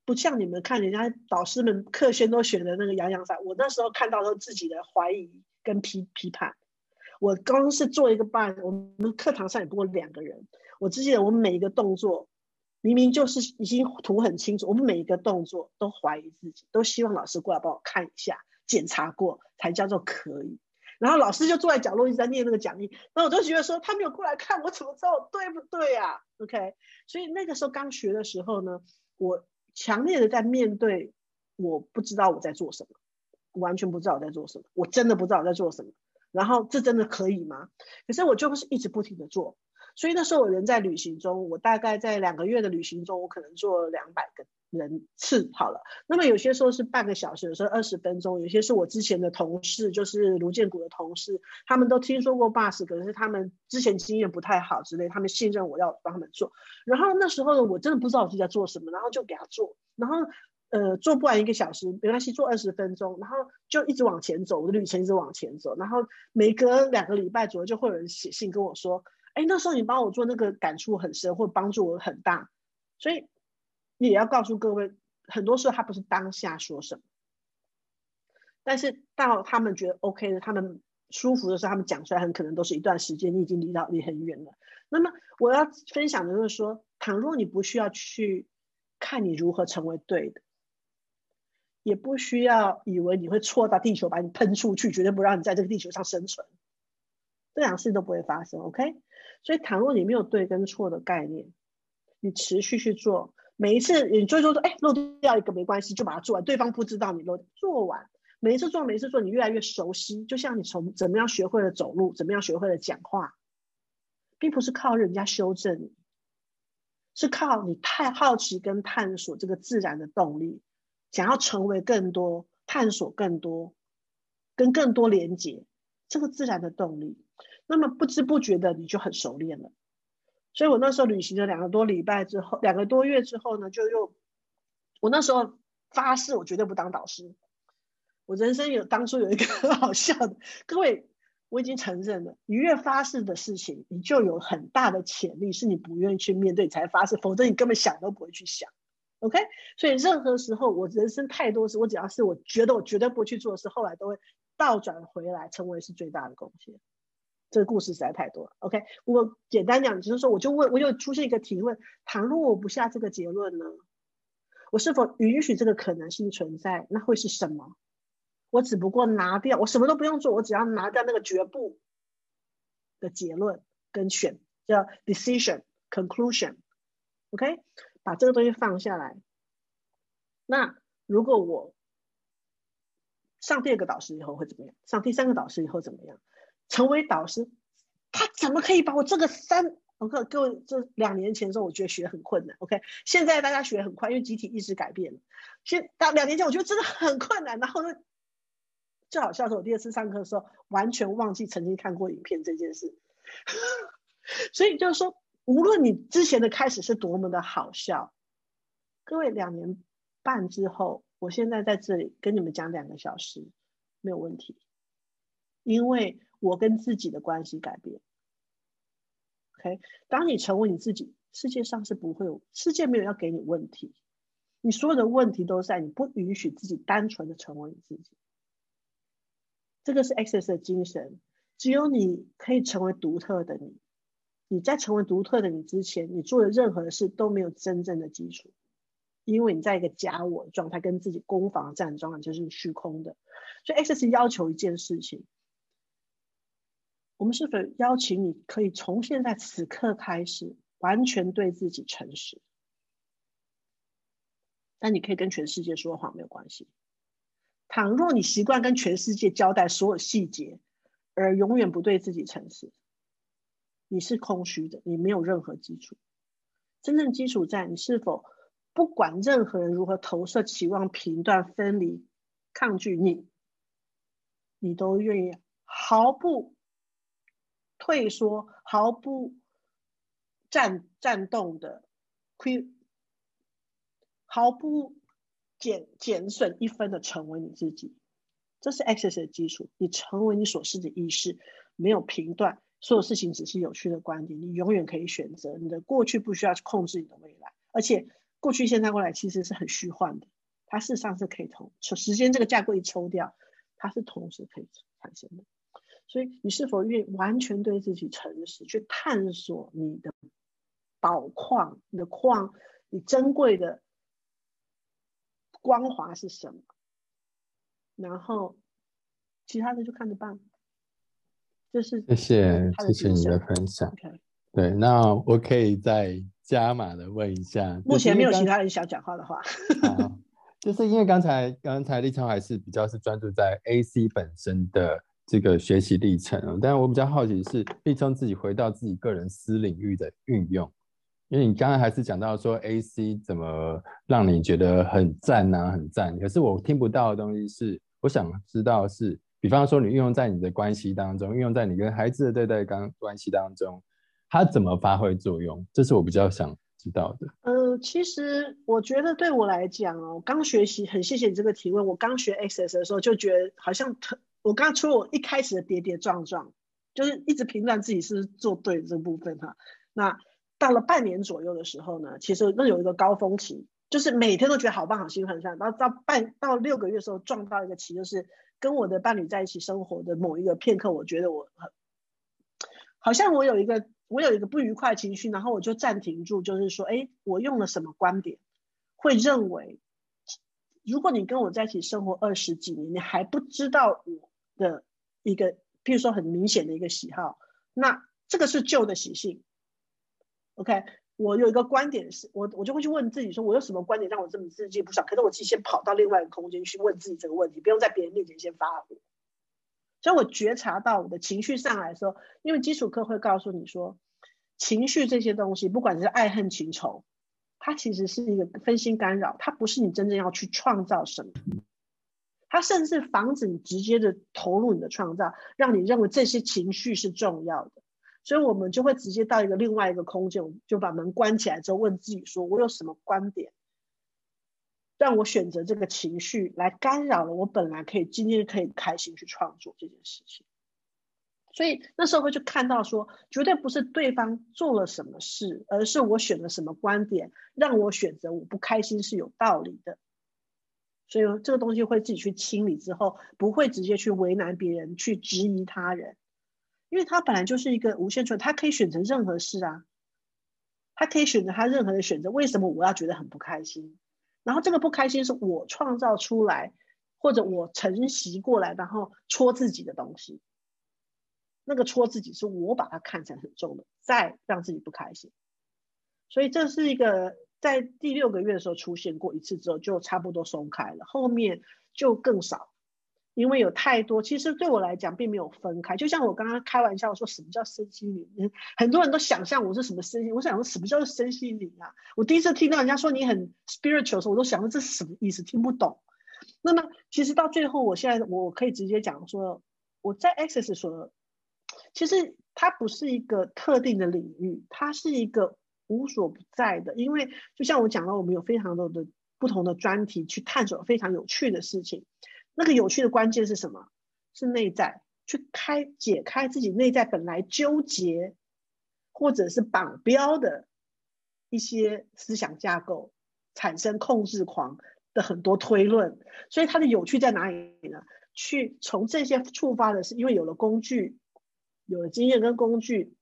不像你們看人家導師們課宣都選的那個洋洋灑，我那時候看到都自己的懷疑跟批批判。我剛,剛是做一個班，我們課堂上也不過兩個人。我之前我們每一個動作，明明就是已經圖很清楚，我們每一個動作都懷疑自己，都希望老師過來幫我看一下，檢查過才叫做可以。然後老師就坐在角落一直在念那個講義，那我就覺得說他沒有過來看，我怎麼知道我對不對呀？OK，所以那個時候剛學的時候呢，我強烈的在面對，我不知道我在做什麼，完全不知道我在做什麼，我真的不知道我在做什麼。然後這真的可以嗎？可是我就不是一直不停地做，所以那時候我人在旅行中，我大概在兩個月的旅行中，我可能做兩百個人次。好了，那麼有些時候是半個小時，有時候二十分鐘，有些是我之前的同事，就是盧建谷的同事，他們都聽說過 Bars，可能是他們之前經驗不太好之類，他們信任我要幫他們做。然後那時候我真的不知道我自己在做什麼，然後就給他做，然後。呃，做不完一個小時沒關係，做二十分鐘，然後就一直往前走。我的旅程一直往前走，然後每隔兩個禮拜左右就會有人寫信跟我說：“哎、欸，那時候你幫我做那個，感觸很深，或幫助我很大。”所以也要告訴各位，很多時候他不是當下說什麼，但是到他們覺得 OK 的，他們舒服的時候，他們講出來，很可能都是一段時間，你已經離到你很遠了。那麼我要分享的就是說，倘若你不需要去看你如何成為對的。也不需要以為你會錯到地球把你噴出去，絕對不讓你在這個地球上生存，這兩事都不會發生。OK，所以倘若你沒有對跟錯的概念，你持續去做，每一次你最終說，說，哎，漏掉一個沒關係，就把它做完，對方不知道你漏做完。每一次做，每一次做，你越來越熟悉。就像你從怎麼樣學會了走路，怎麼樣學會了講話，並不是靠人家修正你，是靠你太好奇跟探索這個自然的動力。想要成為更多，探索更多，跟更多連接，這個自然的動力，那麼不知不覺的你就很熟練了。所以我那時候旅行了兩個多禮拜之後，兩個多月之後呢，就又我那時候發誓，我絕對不當導師。我人生有當初有一個很 好笑的，各位，我已經承認了，你越發誓的事情，你就有很大的潛力，是你不願意去面對才發誓，否則你根本想都不會去想。OK，所以任何時候，我人生太多事，我只要是我覺得我絕對不會去做的事，後來都會倒轉回來，成為是最大的貢獻。這個故事實在太多了。OK，我簡單講，只、就是說，我就問，我就出現一個提問，倘若我不下這個結論呢？我是否允許這個可能性存在？那會是什麼？我只不過拿掉，我什麼都不用做，我只要拿掉那個絕不的結論跟選，叫 decision conclusion。OK。把這個東西放下來。那如果我上第二個導師以後會怎麼樣？上第三個導師以後怎麼樣？成為導師，他怎麼可以把我這個三？OK，各位，這兩年前的時候，我覺得學很困難。OK，現在大家學很快，因為集體意識改變了。現到兩年前，我覺得真的很困難。然後呢，最好笑的是，我第二次上課的時候，完全忘記曾經看過影片這件事。 所以就是說。無論你之前的開始是多麼的好笑，各位，兩年半之後，我現在在這裡跟你們講兩個小時，沒有問題，因為我跟自己的關係改變。OK，當你成為你自己，世界上是不會有世界沒有要給你問題，你所有的問題都在你不允許自己單純的成為你自己。這個是 Access 的精神，只有你可以成為獨特的你。你在成為獨特的你之前，你做的任何的事都沒有真正的基礎，因為你在一個假我狀態，跟自己攻防戰的狀態，就是虛空的。所以 Access 是要求一件事情，我們是否邀請你可以從現在此刻開始，完全對自己誠實？那你可以跟全世界說謊沒有關係。倘若你習慣跟全世界交代所有細節，而永遠不對自己誠實。你是空虛的，你沒有任何基礎。真正基礎在你是否不管任何人如何投射、期望、評斷、分離、抗拒你，你都願意毫不退縮、毫不戰戰鬥的虧，毫不減減損一分的成為你自己。這是 Access 的基礎。你成為你所是的意識，沒有評斷。所有事情只是有趣的觀點，你永遠可以選擇。你的過去不需要去控制你的未來，而且過去、現在、過來其實是很虛幻的。它事實上是可以同時間這個架構一抽掉，它是同時可以產生的。所以，你是否願完全對自己誠實，去探索你的寶礦、你的礦、你珍貴的光華是什麼？然後，其他的就看着辦。就是謝謝，謝謝你的分享。Okay. 對，那我可以再加碼的問一下，目前沒有其他人想講話的話 好，就是因為剛才剛才立聰還是比較是專注在 AC 本身的這個學習歷程，但我比較好奇的是立聰自己回到自己個人私領域的運用，因為你剛才還是講到說 AC 怎麼讓你覺得很讚吶、啊，很讚。可是我聽不到的東西是，我想知道是。比方說，你運用在你的關係當中，運用在你跟孩子的對待關關係當中，它怎麼發揮作用？這是我比較想知道的。呃、嗯，其實我覺得對我來講哦，我剛學習，很謝謝你這個提問。我剛學 Access 的時候，就覺得好像特我剛出，我一開始的跌跌撞撞，就是一直評斷自己是，是做對的這部分哈。那到了半年左右的時候呢，其實那有一個高峰期，就是每天都覺得好棒、好興奮、上。然後到半到六個月的時候，撞到一個期，就是。跟我的伴侶在一起生活的某一個片刻，我覺得我很，好像我有一個我有一個不愉快情緒，然後我就暫停住，就是說，哎，我用了什麼觀點，會認為，如果你跟我在一起生活二十幾年，你還不知道我的一個，譬如說很明顯的一個喜好，那這個是舊的習性，OK。我有一個觀點，是我我就會去問自己說，我有什麼觀點讓我這麼自己不爽？可是我自己先跑到另外一個空間去問自己這個問題，不用在別人面前先發火。所以我覺察到我的情緒上來說，因為基礎課會告訴你說，情緒這些東西，不管是愛恨情仇，它其實是一個分心干擾，它不是你真正要去創造什麼，它甚至防止你直接的投入你的創造，讓你認為這些情緒是重要的。所以我們就會直接到一個另外一個空間，我們就把門關起來之後，問自己說：“我有什麼觀點讓我選擇這個情緒來干擾了我本來可以今天可以開心去創作這件事情？”所以那時候會就看到說，絕對不是對方做了什麼事，而是我選了什麼觀點讓我選擇我不開心是有道理的。所以這個東西會自己去清理之後，不會直接去為難別人，去質疑他人。因為他本來就是一個無限存，他可以選擇任何事啊，他可以選擇他任何的選擇。為什麼我要覺得很不開心？然後這個不開心是我創造出來，或者我承襲過來，然後戳自己的東西。那個戳自己是我把它看成很重的，再讓自己不開心。所以這是一個在第六個月的時候出現過一次之後，就差不多鬆開了，後面就更少。因為有太多，其實對我來講並沒有分開。就像我剛剛開玩笑說，什麼叫身心靈？很多人都想象我是什麼身心。我想說，什麼叫身心靈啊？我第一次聽到人家說你很 spiritual 的時候，我都想到這是什麼意思？聽不懂。那麼，其實到最後，我現在我可以直接講說，我在 Access 說，其實它不是一個特定的領域，它是一個無所不在的。因為就像我講到，我們有非常多的不同的專題去探索非常有趣的事情。那個有趣的關鍵是什麼？是內在去開解，解開自己內在本來糾結，或者是綁標的，一些思想架構，產生控制狂的很多推論。所以它的有趣在哪裡呢？去從這些觸發的是因為有了工具，有了經驗跟工具，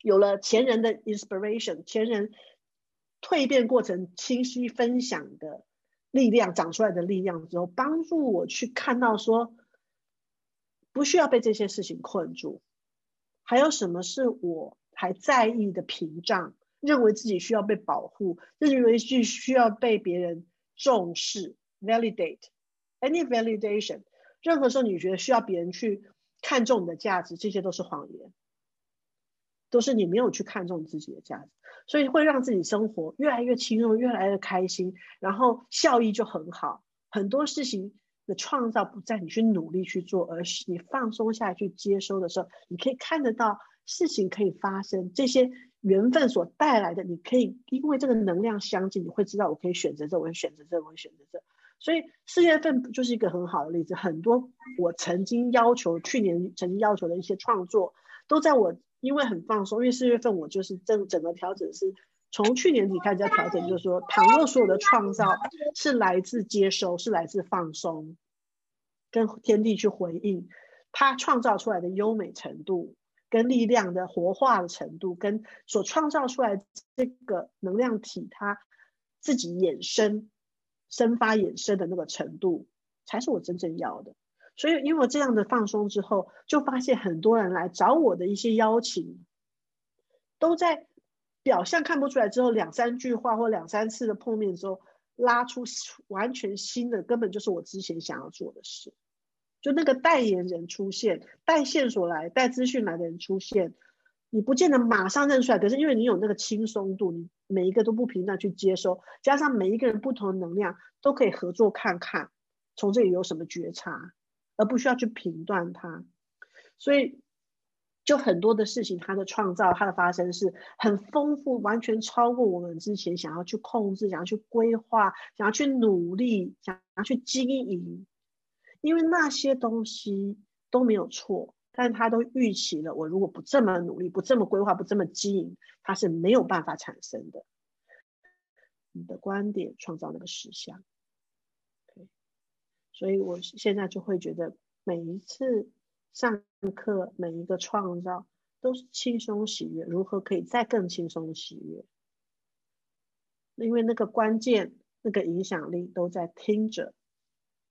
有了前人的 inspiration，前人蛻變過程清晰分享的。力量長出來的力量之後，幫助我去看到說，不需要被這些事情困住。還有什麼是我還在意的屏障？認為自己需要被保護，認為自己需要被別人重視、validate，any validation。任何時候你覺得需要別人去看重你的價值，這些都是謊言，都是你沒有去看重自己的價值。所以會讓自己生活越來越輕鬆，越來越開心，然後效益就很好。很多事情的創造不在你去努力去做，而是你放鬆下來去接收的時候，你可以看得到事情可以發生。這些緣分所帶來的，你可以因為這個能量相近，你會知道我可以選擇這，我會選擇這，我會選擇這。所以四月份就是一個很好的例子。很多我曾經要求、去年曾經要求的一些創作，都在我。因為很放鬆，因為四月份我就是整整個調整是從去年底開始在調整，就是說，倘若所有的創造是來自接收，是來自放鬆，跟天地去回應，它創造出來的優美程度、跟力量的活化的程度、跟所創造出來的這個能量體它自己衍生、生發、衍生的那個程度，才是我真正要的。所以，因為這樣的放鬆之後，就發現很多人來找我的一些邀請，都在表象看不出來之後，兩三句話或兩三次的碰面之後，拉出完全新的，根本就是我之前想要做的事。就那個代言人出現，帶線索來、帶資訊來的人出現，你不見得馬上認出來，可是因為你有那個輕鬆度，你每一個都不平淡去接收，加上每一個人不同的能量都可以合作看看，從這裡有什麼覺察。而不需要去評斷它，所以就很多的事情，它的創造、它的發生是很豐富，完全超過我們之前想要去控制、想要去規劃、想要去努力、想要去經營。因為那些東西都沒有錯，但它都預期了，我如果不這麼努力、不這麼規劃、不這麼經營，它是沒有辦法產生的。你的觀點創造那個實相。所以我現在就會覺得每一次上課、每一個創造都是輕鬆喜悅。如何可以再更輕鬆的喜悅？因為那個關鍵、那個影響力都在聽着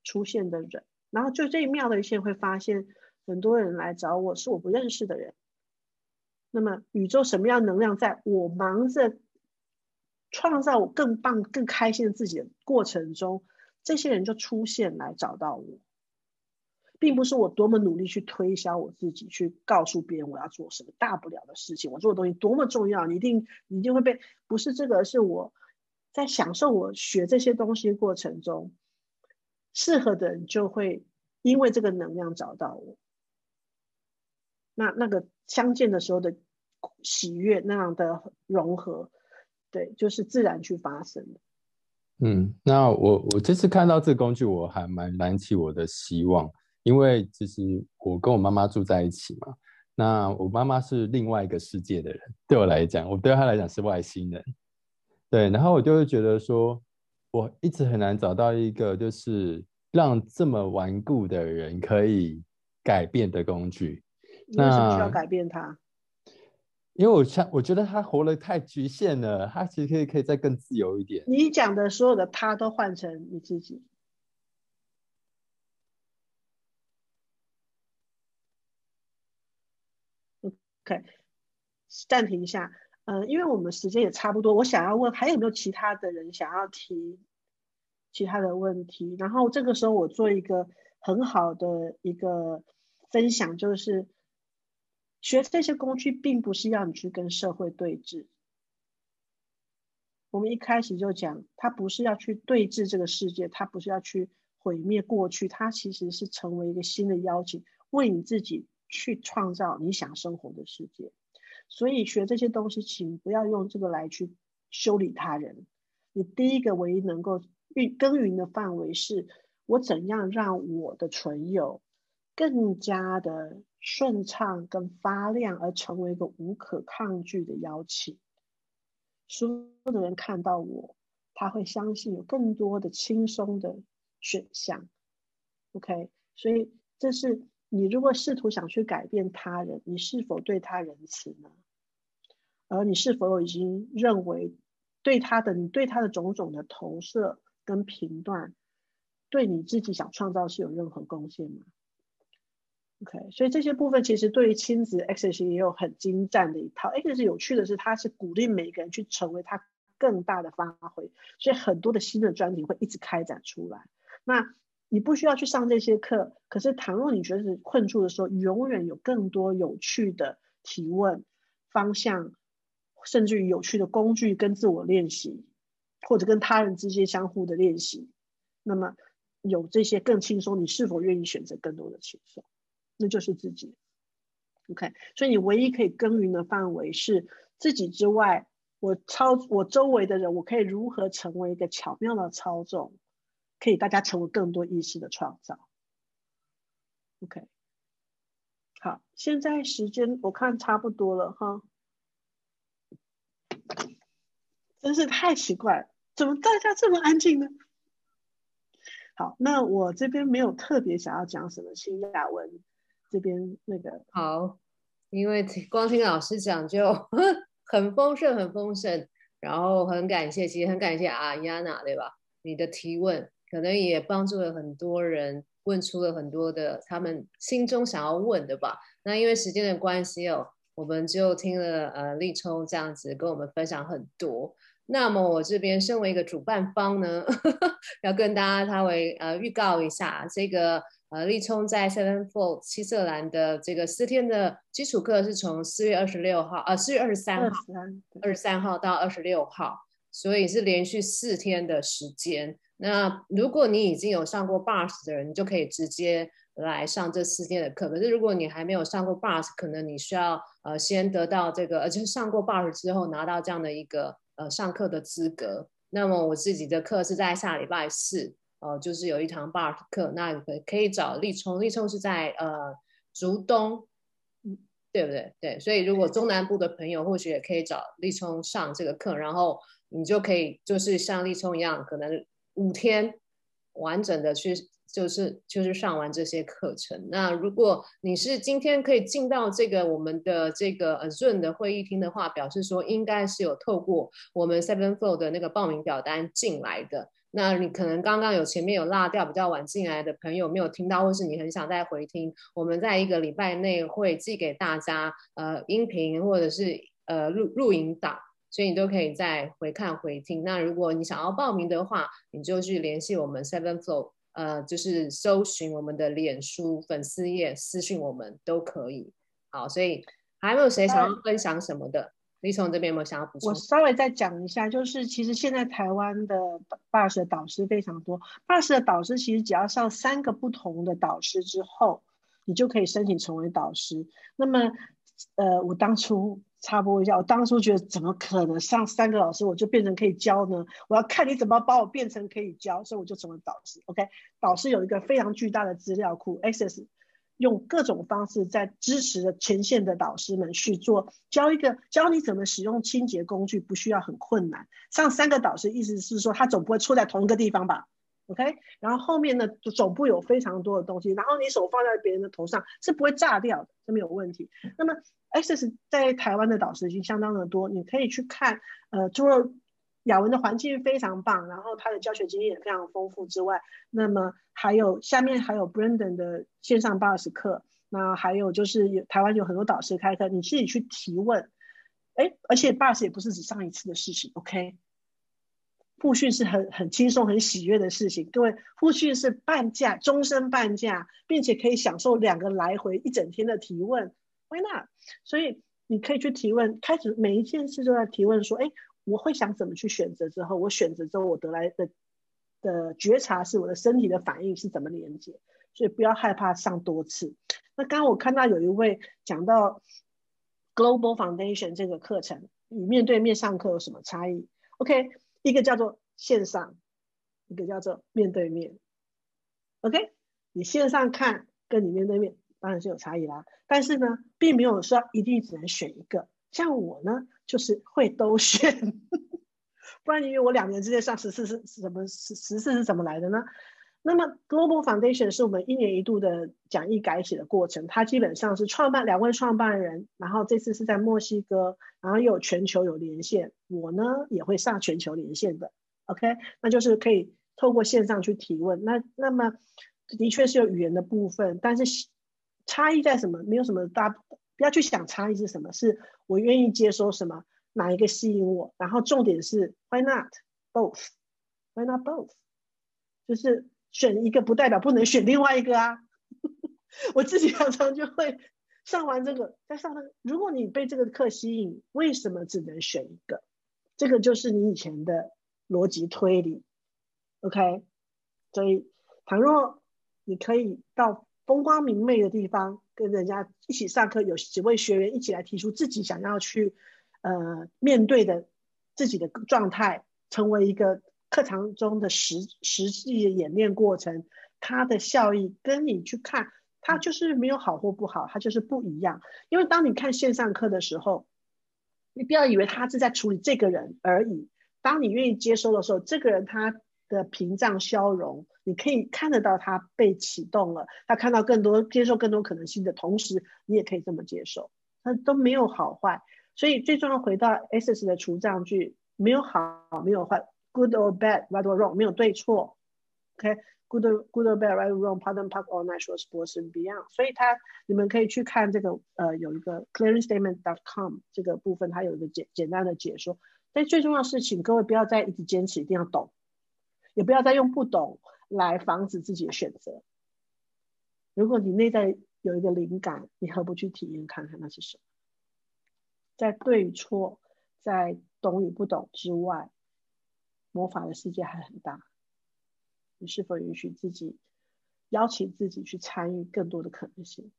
出現的人。然後就這一秒的一些會發現，很多人來找我是我不認識的人。那麼宇宙什麼樣能量在我忙着創造我更棒、更開心的自己的過程中？這些人就出現來找到我，並不是我多麼努力去推銷我自己，去告訴別人我要做什麼大不了的事情，我做的東西多麼重要，你一定你一定會被，不是這個，是我，在享受我學這些東西過程中，適合的人就會因為這個能量找到我。那那個相見的時候的喜悅，那樣的融合，對，就是自然去發生的。嗯，那我我這次看到這工具，我還蠻燃起我的希望，因為其實我跟我媽媽住在一起嘛，那我媽媽是另外一個世界的人，對我來講，我對她來講是外星人，對，然後我就會覺得說，我一直很難找到一個就是讓這麼頑固的人可以改變的工具，那什麼需要改變他？因為我想，我覺得他活得太局限了，他其實可以可以再更自由一點。你講的所有的他都換成你自己。OK，暫停一下，嗯、呃，因為我們時間也差不多，我想要問還有沒有其他的人想要提其他的問題，然後這個時候我做一個很好的一個分享，就是。學這些工具，並不是要你去跟社會對峙。我們一開始就講，它不是要去對峙這個世界，它不是要去毀滅過去，它其實是成為一個新的邀請，為你自己去創造你想生活的世界。所以學這些東西，請不要用這個來去修理他人。你第一個唯一能夠運耕耘的範圍是，我怎樣讓我的存有更加的。順暢跟發亮，而成為一個無可抗拒的邀請。所有的人看到我，他會相信有更多的輕鬆的選項。OK，所以這是你如果試圖想去改變他人，你是否對他仁慈呢？而你是否有已經認為對他的你對他的種種的投射跟評斷，對你自己想創造是有任何貢獻嗎？Okay, 所以這些部分其實對於親子學習也有很精湛的一套。而且是有趣的是，它是鼓勵每個人去成為他更大的發揮。所以很多的新的專題會一直開展出來。那你不需要去上這些課，可是倘若你覺得是困住的時候，永遠有更多有趣的提問方向，甚至於有趣的工具跟自我練習，或者跟他人之間相互的練習，那麼有這些更輕鬆，你是否願意選擇更多的輕鬆？這就是自己，OK。所以你唯一可以耕耘的範圍是自己之外，我操我周圍的人，我可以如何成為一個巧妙的操縱，可以大家成為更多意識的創造，OK。好，現在時間我看差不多了哈，真是太奇怪了，怎麼大家這麼安靜呢？好，那我這邊沒有特別想要講什麼新亞文。這邊那個好，因為光聽老師講就很豐盛，很豐盛，然後很感謝，其實很感謝阿亞娜，對吧？你的提問可能也幫助了很多人，問出了很多的他們心中想要問的吧。那因為時間的關係哦，我們就聽了呃立聰這樣子跟我們分享很多。那麼我這邊身為一個主辦方呢， 要跟大家稍微呃預告一下這個。呃，立聰在 7flow 七色蘭的這個四天的基礎課是從四月二十六號，呃，四月二十三號，二十三號到二十六號，所以是連續四天的時間。那如果你已經有上過 Bars 的人，你就可以直接來上這四天的課。可是如果你還沒有上過 Bars，可能你需要呃先得到這個，而、呃、且上過 Bars 之後拿到這樣的一個呃上課的資格。那麼我自己的課是在下禮拜四。呃，就是有一堂 Bars 課，那你可可以找立聰，立聰是在呃竹東，對不對？對，所以如果中南部的朋友，或許也可以找立聰上這個課，然後你就可以就是像立聰一樣，可能五天完整的去就是就是上完這些課程。那如果你是今天可以進到這個我們的這個 Zoom 的會議廳的話，表示說應該是有透過我們 7flow 的那個報名表單進來的。那你可能剛剛有前面有落掉，比較晚進來的朋友沒有聽到，或是你很想再回聽，我們在一個禮拜內會寄給大家，呃，音頻或者是呃錄錄影檔，所以你都可以再回看回聽。那如果你想要報名的話，你就去聯繫我們 7flow，呃，就是搜尋我們的臉書粉絲頁私訊我們都可以。好，所以還有沒有誰想要分享什麼的？立聰這邊有沒有想要補充？我稍微再講一下，就是其實現在台灣的 Bars 的導師非常多，Bars 的導師其實只要上三個不同的導師之後，你就可以申請成為導師。那麼，呃，我當初插播一下，我當初覺得怎麼可能上三個老師我就變成可以教呢？我要看你怎麼把我變成可以教，所以我就成為導師。OK，導師有一個非常巨大的資料庫 Access。用各種方式在支持前線的導師們去做教，一個教你怎麼使用清潔工具，不需要很困難。上三個導師意思是說他總不會錯在同一個地方吧？OK，然後後面呢總部有非常多的東西，然後你手放在別人的頭上是不會炸掉的，這沒有問題。那麼 Access 在台灣的導師已經相當的多，你可以去看呃雅文的環境非常棒，然後他的教學經驗也非常豐富。之外，那麼還有下面還有 Brandon 的線上 s 十課，那還有就是有台灣有很多導師開課，你自己去提問。哎，而且 s 十也不是只上一次的事情，OK？復訓是很很輕鬆、很喜悅的事情。各位，復訓是半價、終身半價，並且可以享受兩個來回、一整天的提問，Why not？所以你可以去提問，開始每一件事都在提問說，說哎。我會想怎麼去選擇，之後我選擇之後我得來的的覺察是我的身體的反應是怎麼連接，所以不要害怕上多次。那剛剛我看到有一位講到 Global Foundation 這個課程，與面對面上課有什麼差異？OK，一個叫做線上，一個叫做面對面。OK，你線上看跟你面對面，當然是有差異啦。但是呢，並沒有說一定只能選一個。像我呢。就是會都選，不然你以為我兩年之間上十次是怎麼十次是怎麼來的呢？那麼 Global Foundation 是我們一年一度的講義改寫的過程，它基本上是創辦兩位創辦人，然後這次是在墨西哥，然後又有全球有連線，我呢也會上全球連線的，OK，那就是可以透過線上去提問。那那麼的確是有語言的部分，但是差異在什麼？沒有什麼大。不要去想差異是什麼，是我願意接受什麼，哪一個吸引我？然後重點是，why not both？Why not both？就是選一個不代表不能選另外一個啊！ 我自己常常就會上完這個再上那個。如果你被這個課吸引，為什麼只能選一個？這個就是你以前的邏輯推理，OK？所以，倘若你可以到風光明媚的地方。跟人家一起上課，有幾位學員一起來提出自己想要去，呃，面對的自己的狀態，成為一個課堂中的實實際的演練過程。他的效益跟你去看，他就是沒有好或不好，他就是不一樣。因為當你看線上課的時候，你不要以為他是在處理這個人而已。當你願意接收的時候，這個人他的屏障消融，你可以看得到它被啟動了。他看到更多，接受更多可能性的同時，你也可以這麼接受。它都沒有好壞，所以最重要回到 Access 的除障句，沒有好，沒有壞，good or bad, right or wrong，沒有對錯。OK，good、okay? good or bad, right or wrong, pardon, pardon all nine, shorts, boys and beyonds。所以它，你們可以去看這個呃有一個 clearingstatement.com 這個部分，它有一個簡簡單的解說。但最重要的是，請各位不要再一直堅持，一定要懂。也不要再用不懂來防止自己的選擇。如果你內在有一個靈感，你何不去體驗看看那是什麼？在對與錯，在懂與不懂之外，魔法的世界還很大。你是否允許自己邀請自己去參與更多的可能性？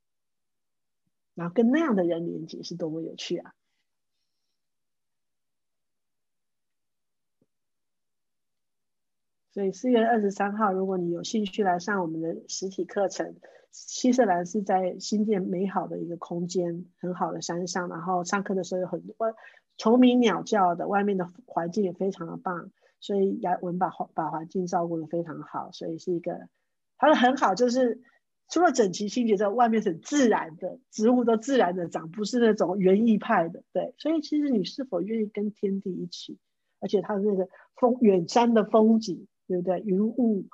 然後跟那樣的人連接，是多麼有趣啊！所以四月二十三號，如果你有興趣來上我們的實體課程，七色嵐是在新建美好的一個空間，很好的山上。然後上課的時候有很多蟲鳴鳥叫的，外面的環境也非常的棒。所以，呀，我們把環把環境照顧得非常好，所以是一個它的很好，就是除了整齊清潔之外，外面很自然的，植物都自然的長，不是那種園藝派的。對，所以其實你是否願意跟天地一起？而且它的那個風遠山的風景，對不對？雲霧，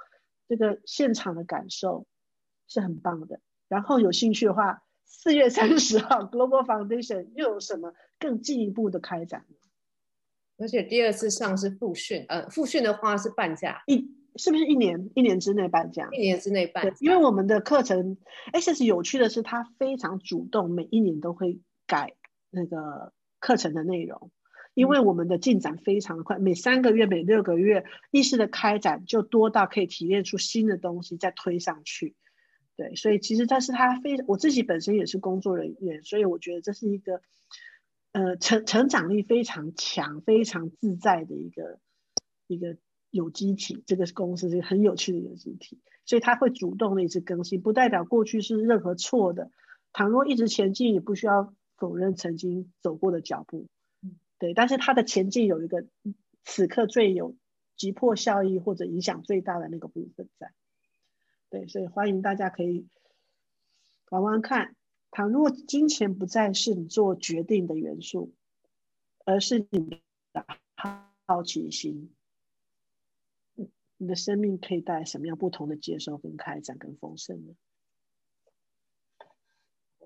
這個現場的感受是很棒的。然後有興趣的話，四月三十號，Global Foundation 又有什麼更進一步的開展？而且第二次上是複訓，呃，複訓的話是半價，一是不是一年一年之內半價？一年之內半價。對，因為我們的課程，其實有趣的是，他非常主動，每一年都會改那個課程的內容。因為我們的進展非常的快，每三個月、每六個月，意識的開展就多到可以提煉出新的東西再推上去。對，所以其實但是他非常，我自己本身也是工作人員，所以我覺得這是一個，呃，成成長力非常強、非常自在的一個一個有機體。這個公司是很有趣的有機體，所以他會主動的一直更新，不代表過去是任何錯的。倘若一直前進，也不需要否認曾經走過的腳步。對，但是它的前進有一個此刻最有急迫效益或者影響最大的那個部分在。對，所以歡迎大家可以玩玩看，倘若金錢不再是你做決定的元素，而是你的好奇心，你的生命可以帶來什麼樣不同的接受跟開展跟豐盛呢？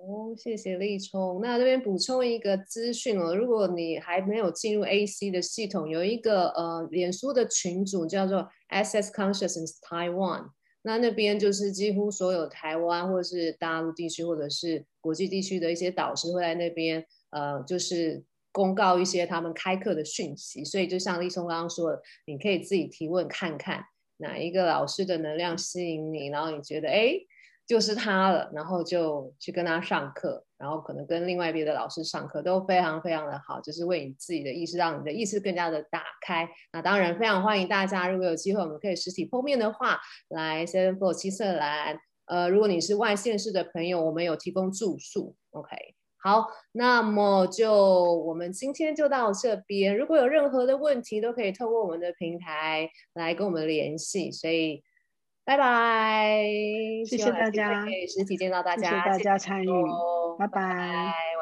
哦，謝謝立聰，那這邊補充一個資訊哦，如果你還沒有進入 AC 的系統，有一個呃，臉書的群組叫做 Access Consciousness Taiwan，那那邊就是幾乎所有台灣或者是大陸地區或者是國際地區的一些導師會在那邊呃，就是公告一些他們開課的訊息。所以就像立聰剛剛說的，你可以自己提問看看哪一個老師的能量吸引你，然後你覺得哎。誒就是他了，然後就去跟他上課，然後可能跟另外一邊的老師上課都非常非常的好，就是為你自己的意識，讓你的意識更加的打開。那當然非常歡迎大家，如果有機會我們可以實體碰面的話，來 7flow 七色嵐。呃，如果你是外縣市的朋友，我們有提供住宿，OK。好，那麼就我們今天就到這邊，如果有任何的問題，都可以透過我們的平台來跟我們聯繫。所以。拜拜，bye bye，謝謝大家，實體見到大家，謝謝大家參與，謝謝拜拜。Bye bye。